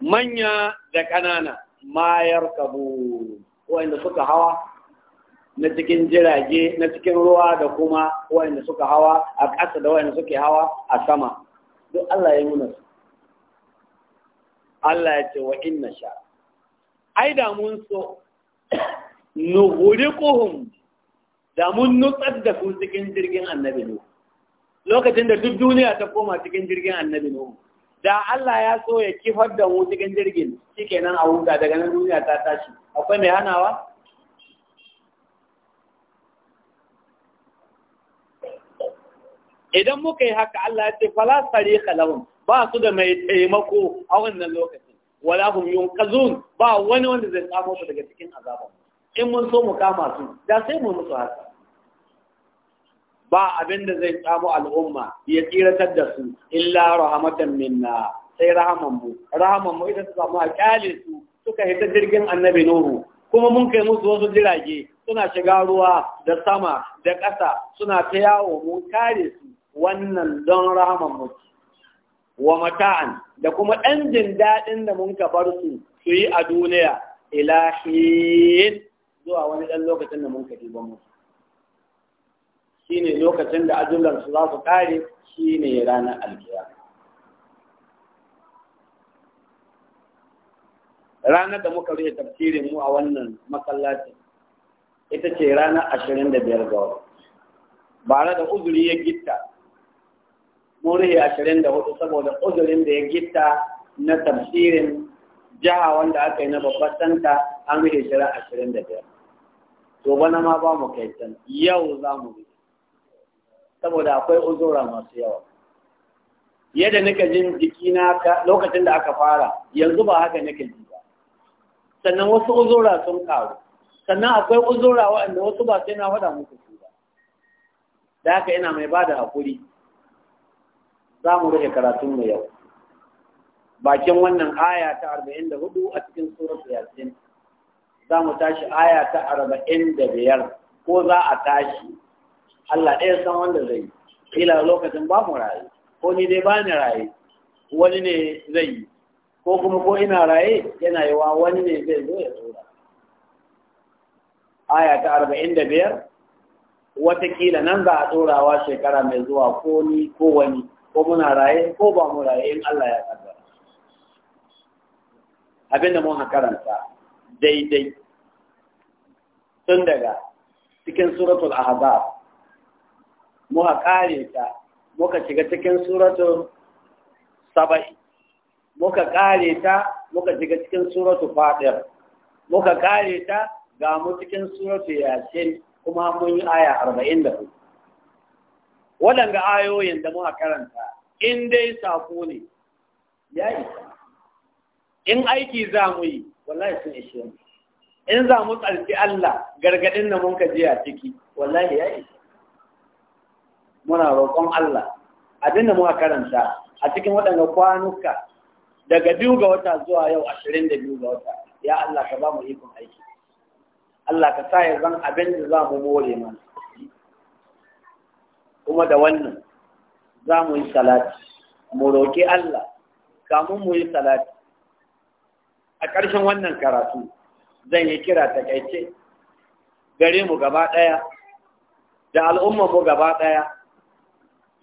Speaker 1: manya da kanana ma yarkabu wanda suka hawa na cikin jirage na cikin ruwa da kuma wanda suka hawa a ƙasa da wanda suke hawa a sama duk Allah ya nuna su Allah ya ce wa inna sha ai da mun so nuhuriquhum da mun nutsar da su cikin jirgin annabi ne lokacin da duk duniya ta koma cikin jirgin annabi ne da Allah ya so ya kifar da mu cikin jirgin shikenan a huta daga nan duniya ta tashi akwai mai hanawa idan muka yi haka Allah ya ce fala sari lahum ba su da mai taimako a wannan lokacin wala hum yunqazun ba wani wanda zai tsamo su daga cikin azaba in mun so mu kama su da sai mu mutu haka ba abin da zai tsamo al'umma ya tsiratar da su illa rahmatan minna sai rahaman mu rahaman mu ita ta samu a kyale su suka hita jirgin annabi nuhu kuma mun kai musu wasu jirage suna shiga ruwa da sama da ƙasa suna ta yawo mun kare su wannan don rahaman muke wa mata'an da kuma ɗan jin daɗin da mun bar su su yi a duniya ilahin zuwa wani ɗan lokacin da mun ka ɗiban musu shi ne lokacin da ajullar su za su ƙare shi ne ranar alkiya ranar da muka rufe tafsirin mu a wannan masallacin ita ce ranar ashirin da biyar ga wata bara da uzuri ya gitta murihi ashirin da hudu saboda uzurin da ya gita na tafsirin jiha wanda aka yi na babbar santa an rufe shirin ashirin da biyar to bana ma ba mu kai can yau za mu bi saboda akwai uzura masu yawa yadda nika jin jikina lokacin da aka fara yanzu ba haka nake ji ba sannan wasu uzura sun ƙaru sannan akwai uzura waɗanda wasu ba sai na haɗa muku su ba da haka ina mai ba da haƙuri za mu rufe karatun mu yau bakin wannan aya ta 44 a cikin surat yasin za mu tashi aya ta 45 ko za a tashi Allah ɗaya san wanda zai ila lokacin ba mu raye ko ni dai ba ni raye wani ne zai yi ko kuma ko ina raye yana yawa wani ne zai zo ya tsora aya ta 45 watakila nan za a tsorawa shekara mai zuwa ko ni ko wani ko muna raye ko ba mu raye in Allah ya kaddara abin da mun karanta daidai tun daga cikin suratul ahzab muka kare ta muka shiga cikin suratul saba'i muka kare ta muka shiga cikin suratul fatir muka kare ta ga mu cikin suratul yasin kuma mun yi aya 44 waɗanda ayoyin da muka karanta in dai sako ne ya isa in aiki za mu yi wallahi sun ishe mu in za mu tsarki Allah gargaɗin da mun kaje a ciki wallahi ya isa muna roƙon Allah abin da muka karanta a cikin waɗanda kwanuka daga biyu ga wata zuwa yau ashirin da biyu ga wata ya Allah ka ba mu ikon aiki Allah ka sa ya zan abin da za mu more mana kuma da wannan za mu yi salati mu roƙi Allah kamun mu yi salati a ƙarshen wannan karatu zan yi kira ta ƙaice, gare mu gaba ɗaya da al'umma mu gaba ɗaya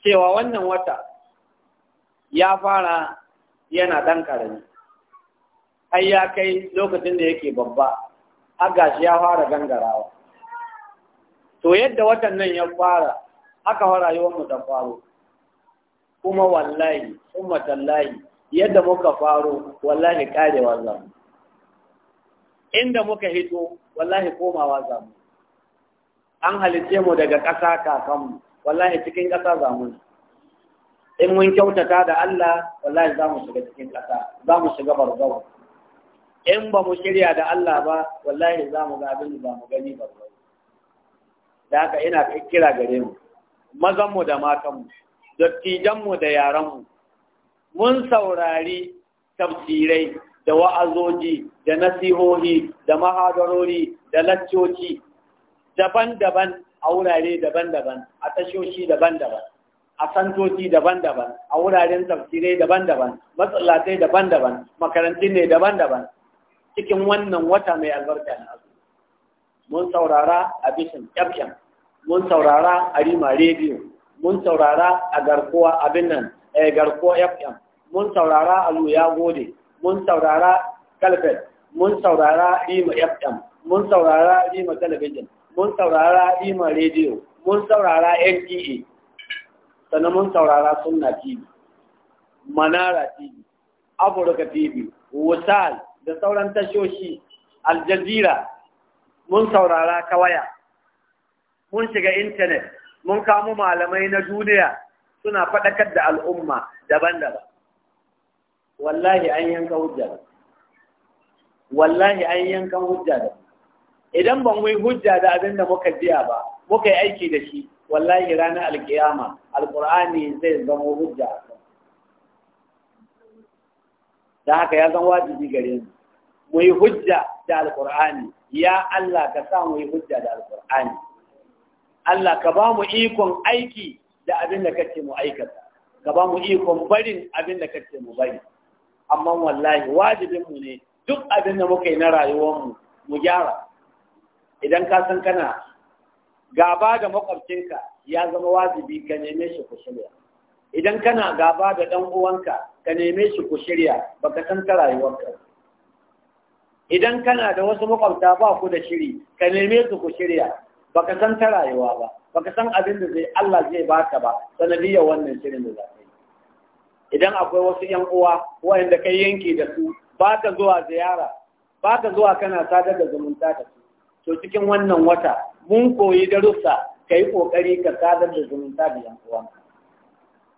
Speaker 1: cewa wannan wata ya fara yana ɗan ƙarami har ya kai lokacin da yake babba har gashi ya fara gangarawa to yadda watan nan ya fara haka wa rayuwarmu ta faro kuma wallahi kuma tallahi yadda muka faro wallahi karewa za mu inda muka hito wallahi komawa za mu an halitte mu daga ƙasa kakanmu wallahi cikin ƙasa za mu in mun kyautata da Allah wallahi za mu shiga cikin ƙasa za mu shiga barzawa in ba mu shirya da Allah ba wallahi za mu ga abin da mu gani ba da haka ina kira gare mu mazanmu da matanmu dattijanmu da yaranmu mun saurari tafsirai da wa'azoji da nasihohi da mahadarori da laccoci daban-daban a wurare daban-daban a tashoshi daban-daban a santoci daban-daban a wuraren tafsirai daban-daban matsalatai daban-daban makarantun ne daban-daban cikin wannan wata mai albarka na mun saurara a bishin ƙyafƙyan mun saurara a rima rediyo mun saurara a garkuwa abin nan a eh, garkuwa fm mun saurara a luya gode mun saurara kalfet mun saurara rima fm mun saurara rima talabijin mun saurara rima rediyo mun saurara nta sannan mun saurara sunna tv manara tv afirka tv wasal da sauran tashoshi aljazeera mun saurara kawaya mun shiga intanet mun kamo malamai na duniya suna faɗakar da al'umma daban-daban wallahi an yanka hujja da wallahi an yanka hujja da idan ban wai hujja da abin da muka jiya ba muka yi aiki da shi wallahi ranar alkiyama alkur'ani zai zama hujja da haka ya zan wajibi gare mu mu yi hujja da alkur'ani ya Allah ka sa mu yi hujja da alkur'ani Allah ka ba mu ikon aiki da abin da kake mu aikata ka ba mu ikon barin abin da kake mu bari amma wallahi wajibin mu ne duk abin da muka yi na rayuwar mu mu gyara idan ka san kana gaba da makwabcinka ya zama wajibi ka neme shi ku shirya idan kana gaba da dan uwanka ka neme shi ku shirya baka san ta rayuwarka idan kana da wasu makwabta ba ku da shiri ka neme su ku shirya baka san ta rayuwa ba baka san abin da zai Allah zai baka ba sanadiyar wannan shirin da za ka yi idan akwai wasu yan uwa waɗanda kai yanke da su ba ka zuwa ziyara ba ka zuwa kana sadar da zumunta da su to cikin wannan wata mun koyi darussa ka yi ƙoƙari ka sadar da zumunta da yan uwa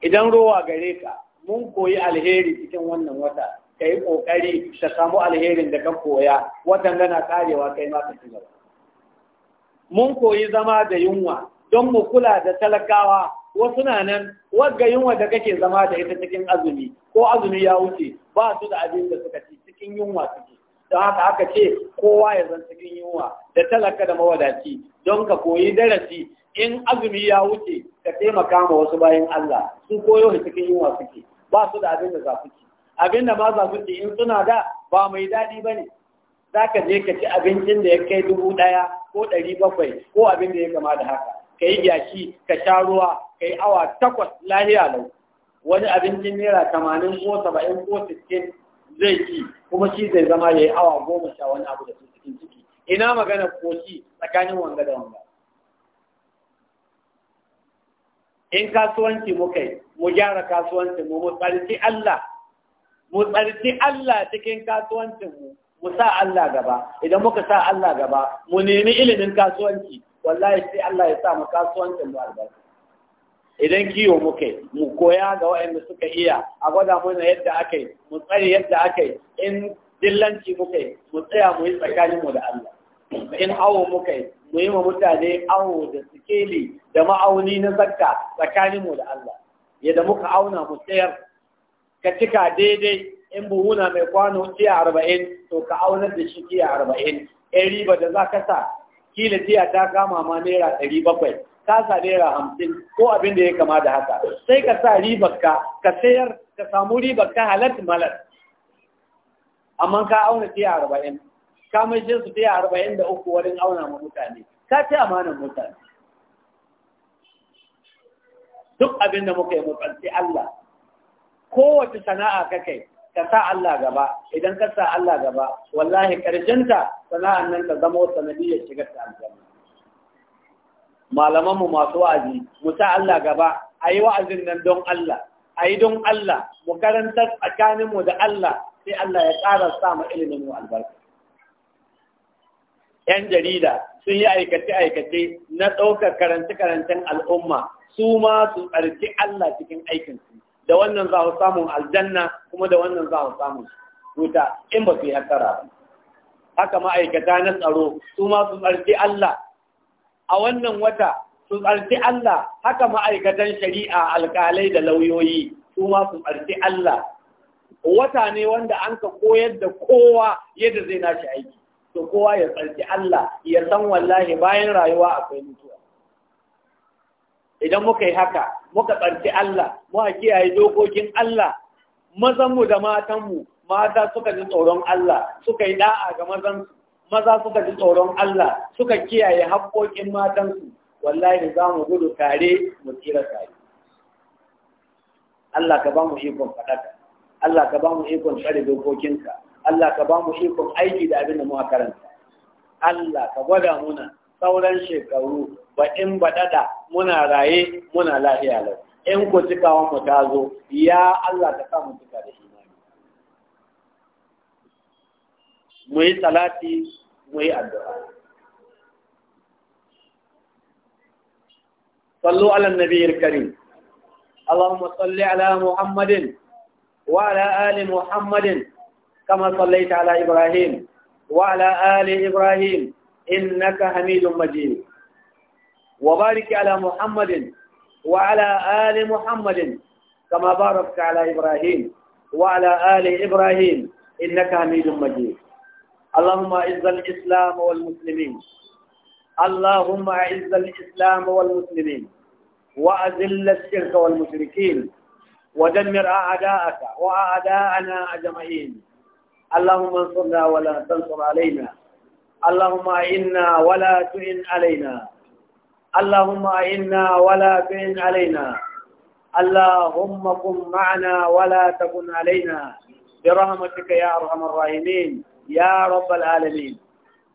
Speaker 1: idan rowa gare ka mun koyi alheri cikin wannan wata ka yi ka samu alherin da ka koya watan na karewa kai ma ka ci gaba mun koyi zama da yunwa don mu kula da talakawa wasu na nan wadda yunwa da kake zama da ita cikin azumi ko azumi ya wuce ba su da abin da suka ci cikin yunwa suke don haka aka ce kowa ya zan cikin yunwa da talaka da mawadaci don ka koyi darasi in azumi ya wuce ka taimaka ma wasu bayan Allah su koyo da cikin yunwa suke ba su da abin da za su ci abin da ma za su ci in suna da ba mai daɗi ba ne za ka je ka ci abincin da ya kai dubu ɗaya ko ɗari bakwai ko abin da ya gama da haka ka yi yashi ka sha ruwa ka yi awa takwas lahiya lau wani abincin naira tamanin ko saba'in ko sittin zai ci kuma shi zai zama ya yi awa goma sha wani abu da su cikin ciki ina magana koshi tsakanin wanga da wanga in kasuwanci muka yi mu gyara kasuwancin mu mu tsarki Allah mu tsarki Allah cikin kasuwancin mu mu sa Allah gaba idan muka sa Allah gaba mu nemi ilimin kasuwanci wallahi sai Allah ya sa mu kasuwanci mu albarka idan kiwo muke mu koya ga waɗanda suka iya a gwada na yadda ake, mu tsare yadda aka in dillanci muke mu tsaya mu yi tsakaninmu da Allah in awo muke mu yi wa mutane awo da sikeli da ma'auni na zakka mu da Allah yadda muka auna mu tsayar ka cika daidai in buhuna mai kwano tiya arba'in to ka aunar da shi tiya arba'in yan riba da za ka sa kila tiya ta kama ma naira ɗari bakwai ka sa naira hamsin ko abin da ya kama da haka sai ka sa ribar ka ka sayar ka samu ribar ka halat malat amma ka auna tiya arba'in ka mai su tiya arba'in da uku wurin auna ma mutane ka ci amanar mutane duk abin da muka yi mu Allah kowace sana'a ka kai ka sa Allah gaba idan ka sa Allah gaba wallahi karshenta sana'an nan ka zama sanadiyar shigar ta aljanna malaman mu masu wa'azi mu sa Allah gaba ayi wa'azin nan don Allah ayi don Allah mu karanta tsakanin mu da Allah sai Allah ya ƙara sa mu ilimin mu albarka yan jarida sun yi aikace-aikace na ɗaukar karance-karancen al'umma su ma su tsarki Allah cikin aikinsu da wannan za ku samu aljanna kuma da wannan za ku samu wuta in ba su yi hasara haka ma'aikata na tsaro su ma su tsarki Allah a wannan wata su tsarki Allah haka ma'aikatan shari'a alkalai da lauyoyi su ma su tsarki Allah wata ne wanda an ka koyar da kowa yadda zai nashi aiki to kowa ya tsarki Allah ya san wallahi bayan rayuwa akwai mutuwa idan muka yi haka muka tsarki Allah muka kiyaye dokokin Allah mazanmu da matanmu mata suka ji tsoron Allah suka yi da'a ga mazansu maza suka ji tsoron Allah suka kiyaye haƙoƙin matansu wallahi za mu gudu tare mu tsira tare Allah ka ba mu ikon faɗaka Allah ka ba mu ikon tsare dokokinka Allah ka ba mu ikon aiki da abin da mu karanta Allah ka gwada muna sauran shekaru baɗin baɗaɗa muna raye muna lafiya lau in ku cika wa ta zo ya Allah ta samu cika da shi ma mu yi salati mu yi addu'a sallu ala nabiyyar karim اللهم صل على محمد وعلى آل محمد كما صليت على إبراهيم وعلى آل إبراهيم إنك حميد مجيد وبارك على محمد وعلى آل محمد كما باركت على إبراهيم وعلى آل إبراهيم إنك حميد مجيد اللهم أعز الإسلام والمسلمين اللهم أعز الإسلام والمسلمين وأذل الشرك والمشركين ودمر أعداءك وأعداءنا أجمعين اللهم انصرنا ولا تنصر علينا اللهم إنا ولا تعن علينا اللهم إنا ولا تعن علينا اللهم كن معنا ولا تكن علينا برحمتك يا أرحم الراحمين يا رب العالمين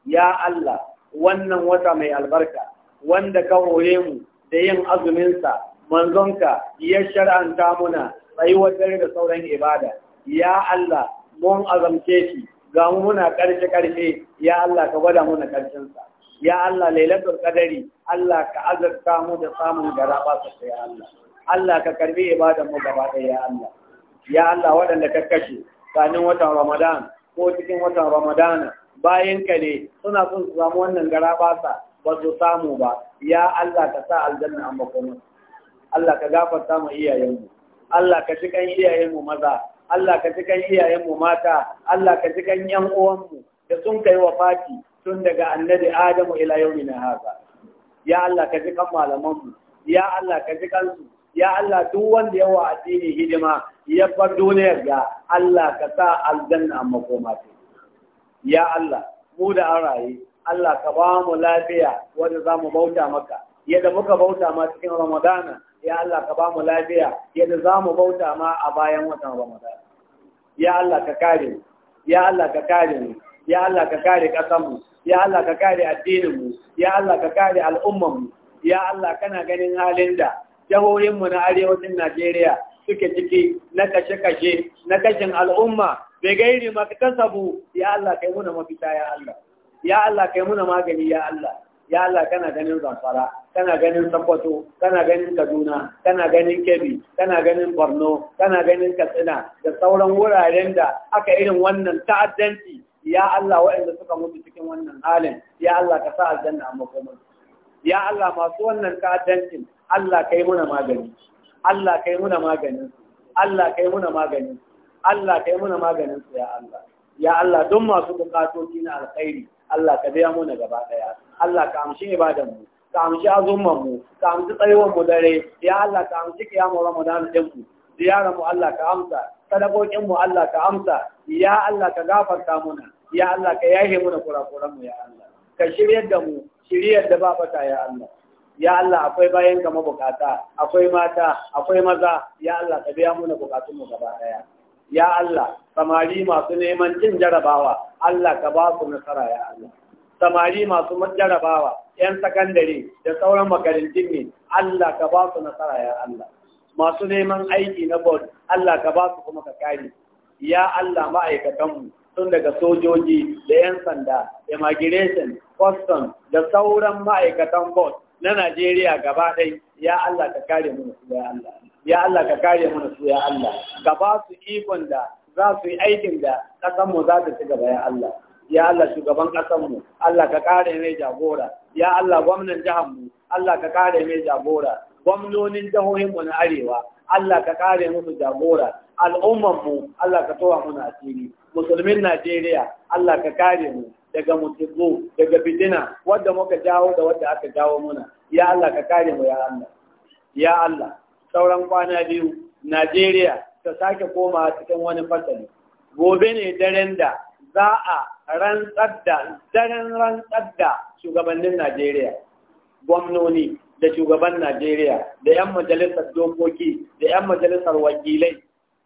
Speaker 1: يا الله wannan wata mai albarka wanda ka hore mu da yin azuminsa manzonka ya shar'anta muna tsayuwar dare da sauran ibada ya Allah mun azamce shi ga muna karfe-karfe. ya Allah ka gwada muna ƙarshensa ya Allah lailatul qadari Allah ka azurta mu da samun garaba ta ya Allah Allah ka karbi ibadan mu gaba ɗaya ya Allah ya Allah waɗanda ka kashe kanin watan Ramadan ko cikin watan Ramadan bayan ka ne suna son su samu wannan garaba sa ba su samu ba ya Allah ka sa aljanna an makoma Allah ka gafarta mu iyayenmu Allah ka ji kan iyayenmu maza Allah ka ji kan iyayenmu mata Allah ka ji kan yan uwanmu da sun kai wafati tun daga annabi Adamu ila yau na haka. Ya Allah ka ji kan malamanmu, ya Allah ka ji kansu, ya Allah duk wanda yawa addini hidima ya bar duniyar ga Allah ka sa aljanna a makoma ce. Ya Allah, mu da an raye, Allah ka ba mu lafiya wanda za mu bauta maka, yadda muka bauta ma cikin Ramadana, ya Allah ka ba mu lafiya yadda za mu bauta ma a bayan watan Ramadana. Ya Allah ka kare ya Allah ka kare mu, ya Allah ka kare ƙasarmu, ya Allah ka kare addinin mu ya Allah ka kare al'umman ya Allah kana ganin halin da jahohin na arewacin Najeriya suke ciki na kashe-kashe na kashin al'umma bai gairi maktasabu ya Allah kai muna mafita ya Allah ya Allah kai muna magani ya Allah ya Allah kana ganin zamfara kana ganin sakwato kana ganin kaduna kana ganin kebbi kana ganin borno kana ganin katsina da sauran wuraren da aka irin wannan ta'addanci ya Allah waɗanda suka mutu cikin wannan halin ya Allah ka sa aljanna amma kuma ya Allah masu wannan ta'addancin Allah kai muna magani Allah kai muna maganin Allah kai muna maganin Allah kai muna maganin su ya Allah ya Allah don masu bukatoci na alkhairi Allah ka biya muna gaba daya Allah ka amshi ibadan mu ka amshi azumman mu ka amshi tsayuwar mu dare ya Allah ka amshi kiyamu Ramadan din mu ziyarar mu Allah ka amsa sadakokin mu Allah ka amsa ya Allah ka gafarta muna ya Allah ka yahe mu da kura mu ya Allah ka shirya da mu shiryar da ba fata ya Allah ya Allah akwai bayan ga mabukata akwai mata akwai maza ya Allah ka biya muna bukatun mu gaba daya ya Allah samari masu neman cin jarabawa Allah ka ba su nasara ya Allah samari masu jarabawa yan sakandare da sauran makarantun ne Allah ka ba su nasara ya Allah masu neman aiki na board Allah ka ba su kuma ka kare ya Allah ma'aikatanmu tun daga sojoji da 'yan sanda, immigration, customs da sauran ma'aikatan bot na Najeriya gaba ɗai, ya Allah ka kare mana su ya Allah, ya Allah ka kare mana su ya Allah, ka ba su ikon da za su yi aikin da mu za ta ci gaba ya Allah. Ya Allah shugaban ƙasanmu, Allah ka kare mai jagora, ya Allah gwamnan mu Allah ka kare mai jagora, gwamnonin mu na arewa, Allah ka kare musu jagora, mu Allah ka towa na asiri. musulmin Najeriya Allah ka kare mu daga mutubu daga fitina wadda muka jawo da wadda aka jawo muna ya Allah ka kare mu ya Allah ya Allah sauran kwana biyu Najeriya ta sake koma cikin wani fasali gobe ne daren da za a rantsar da daren rantsar da shugabannin Najeriya gwamnoni da shugaban Najeriya da 'yan majalisar dokoki da 'yan majalisar wakilai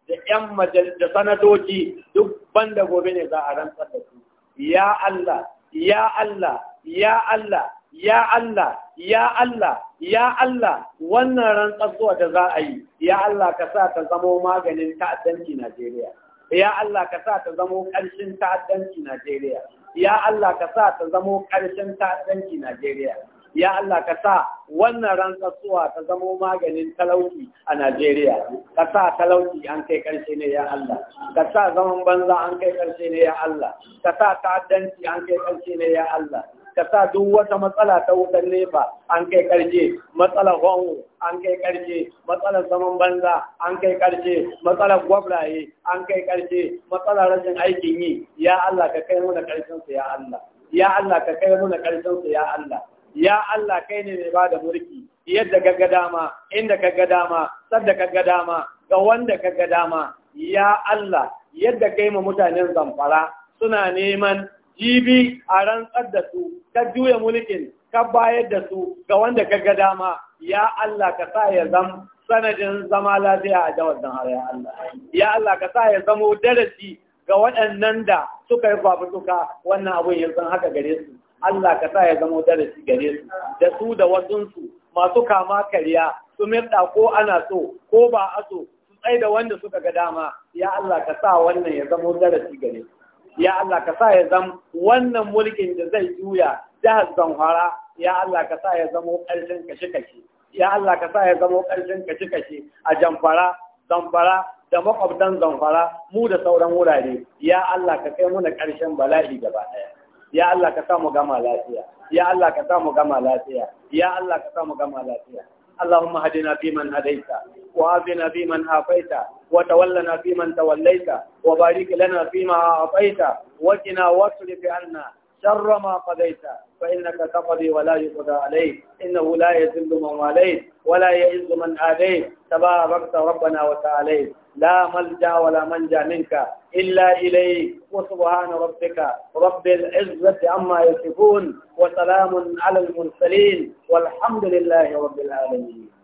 Speaker 1: da 'yan majalisar sanatoci duk banda gobe ne za a rantsar da su ya Allah ya Allah ya Allah ya Allah ya Allah ya Allah wannan rantsarsuwa da za a yi ya Allah ka sa ta zamo maganin ta'addanci Najeriya ya Allah ka sa ta zamo ƙarshen ta'addanci Najeriya ya Allah ka sa ta zamo ƙarshen ta'addanci Najeriya ya Allah ka sa wannan rantsatsuwa ta zamo maganin talauci a Najeriya ka sa talauki an kai karshe ne ya Allah ka sa zaman banza an kai karshe ne ya Allah ka sa ta'addanci an kai karshe ne ya Allah ka sa duk wata matsala ta wutar nefa an kai karshe matsalar hongo an kai karshe matsalar zaman banza an kai karshe matsalar gwabraye an kai karshe matsalar rashin aikin yi ya Allah ka kai mu karshen su ya Allah ya Allah ka kai mu karshen su ya Allah ya Allah kai ne mai bada mulki yadda kaga dama inda kaga dama sadda kaga dama ga wanda kaga dama ya Allah yadda kai ma mutanen zamfara suna neman jibi a rantsar da su ka juya mulkin ka bayar da su ga wanda kaga dama ya Allah ka sa ya zam sanadin zama lafiya a jawar har ya Allah ya Allah ka sa ya zamo darasi ga waɗannan da suka yi fafutuka wannan abun yanzu haka gare su Allah ka sa ya zama darasi gare su da su da wasunsu masu kama karya su mirɗa ko ana so ko ba a so su tsai da wanda suka ga dama ya Allah ka sa wannan ya zama darasi gare su ya Allah ka sa ya zama wannan mulkin da zai juya jihar Zamfara ya Allah ka sa ya zama ƙarshen kashe-kashe ya Allah ka sa ya zama ƙarshen kashe-kashe a Jamfara Zamfara da maƙwabtan Zamfara mu da sauran wurare ya Allah ka kai muna ƙarshen bala'i gaba ɗaya ya Allah ka samu gama lafiya ya Allah ka samu gama lafiya ya Allah ka samu gama lafiya اللهم هدنا فيمن هديت وآفنا فيمن عافيت وتولنا فيمن توليت وبارك لنا فيما أعطيت وقنا واصرف عنا شر ما قضيت فإنك تقضي ولا يقضى عليك إنه لا يذل من واليت ولا يعز من آديت تباركت ربنا وتعاليت لا ملجأ ولا منجا منك إلا إليك وسبحان ربك رب العزة عما يصفون وسلام على المرسلين والحمد لله رب العالمين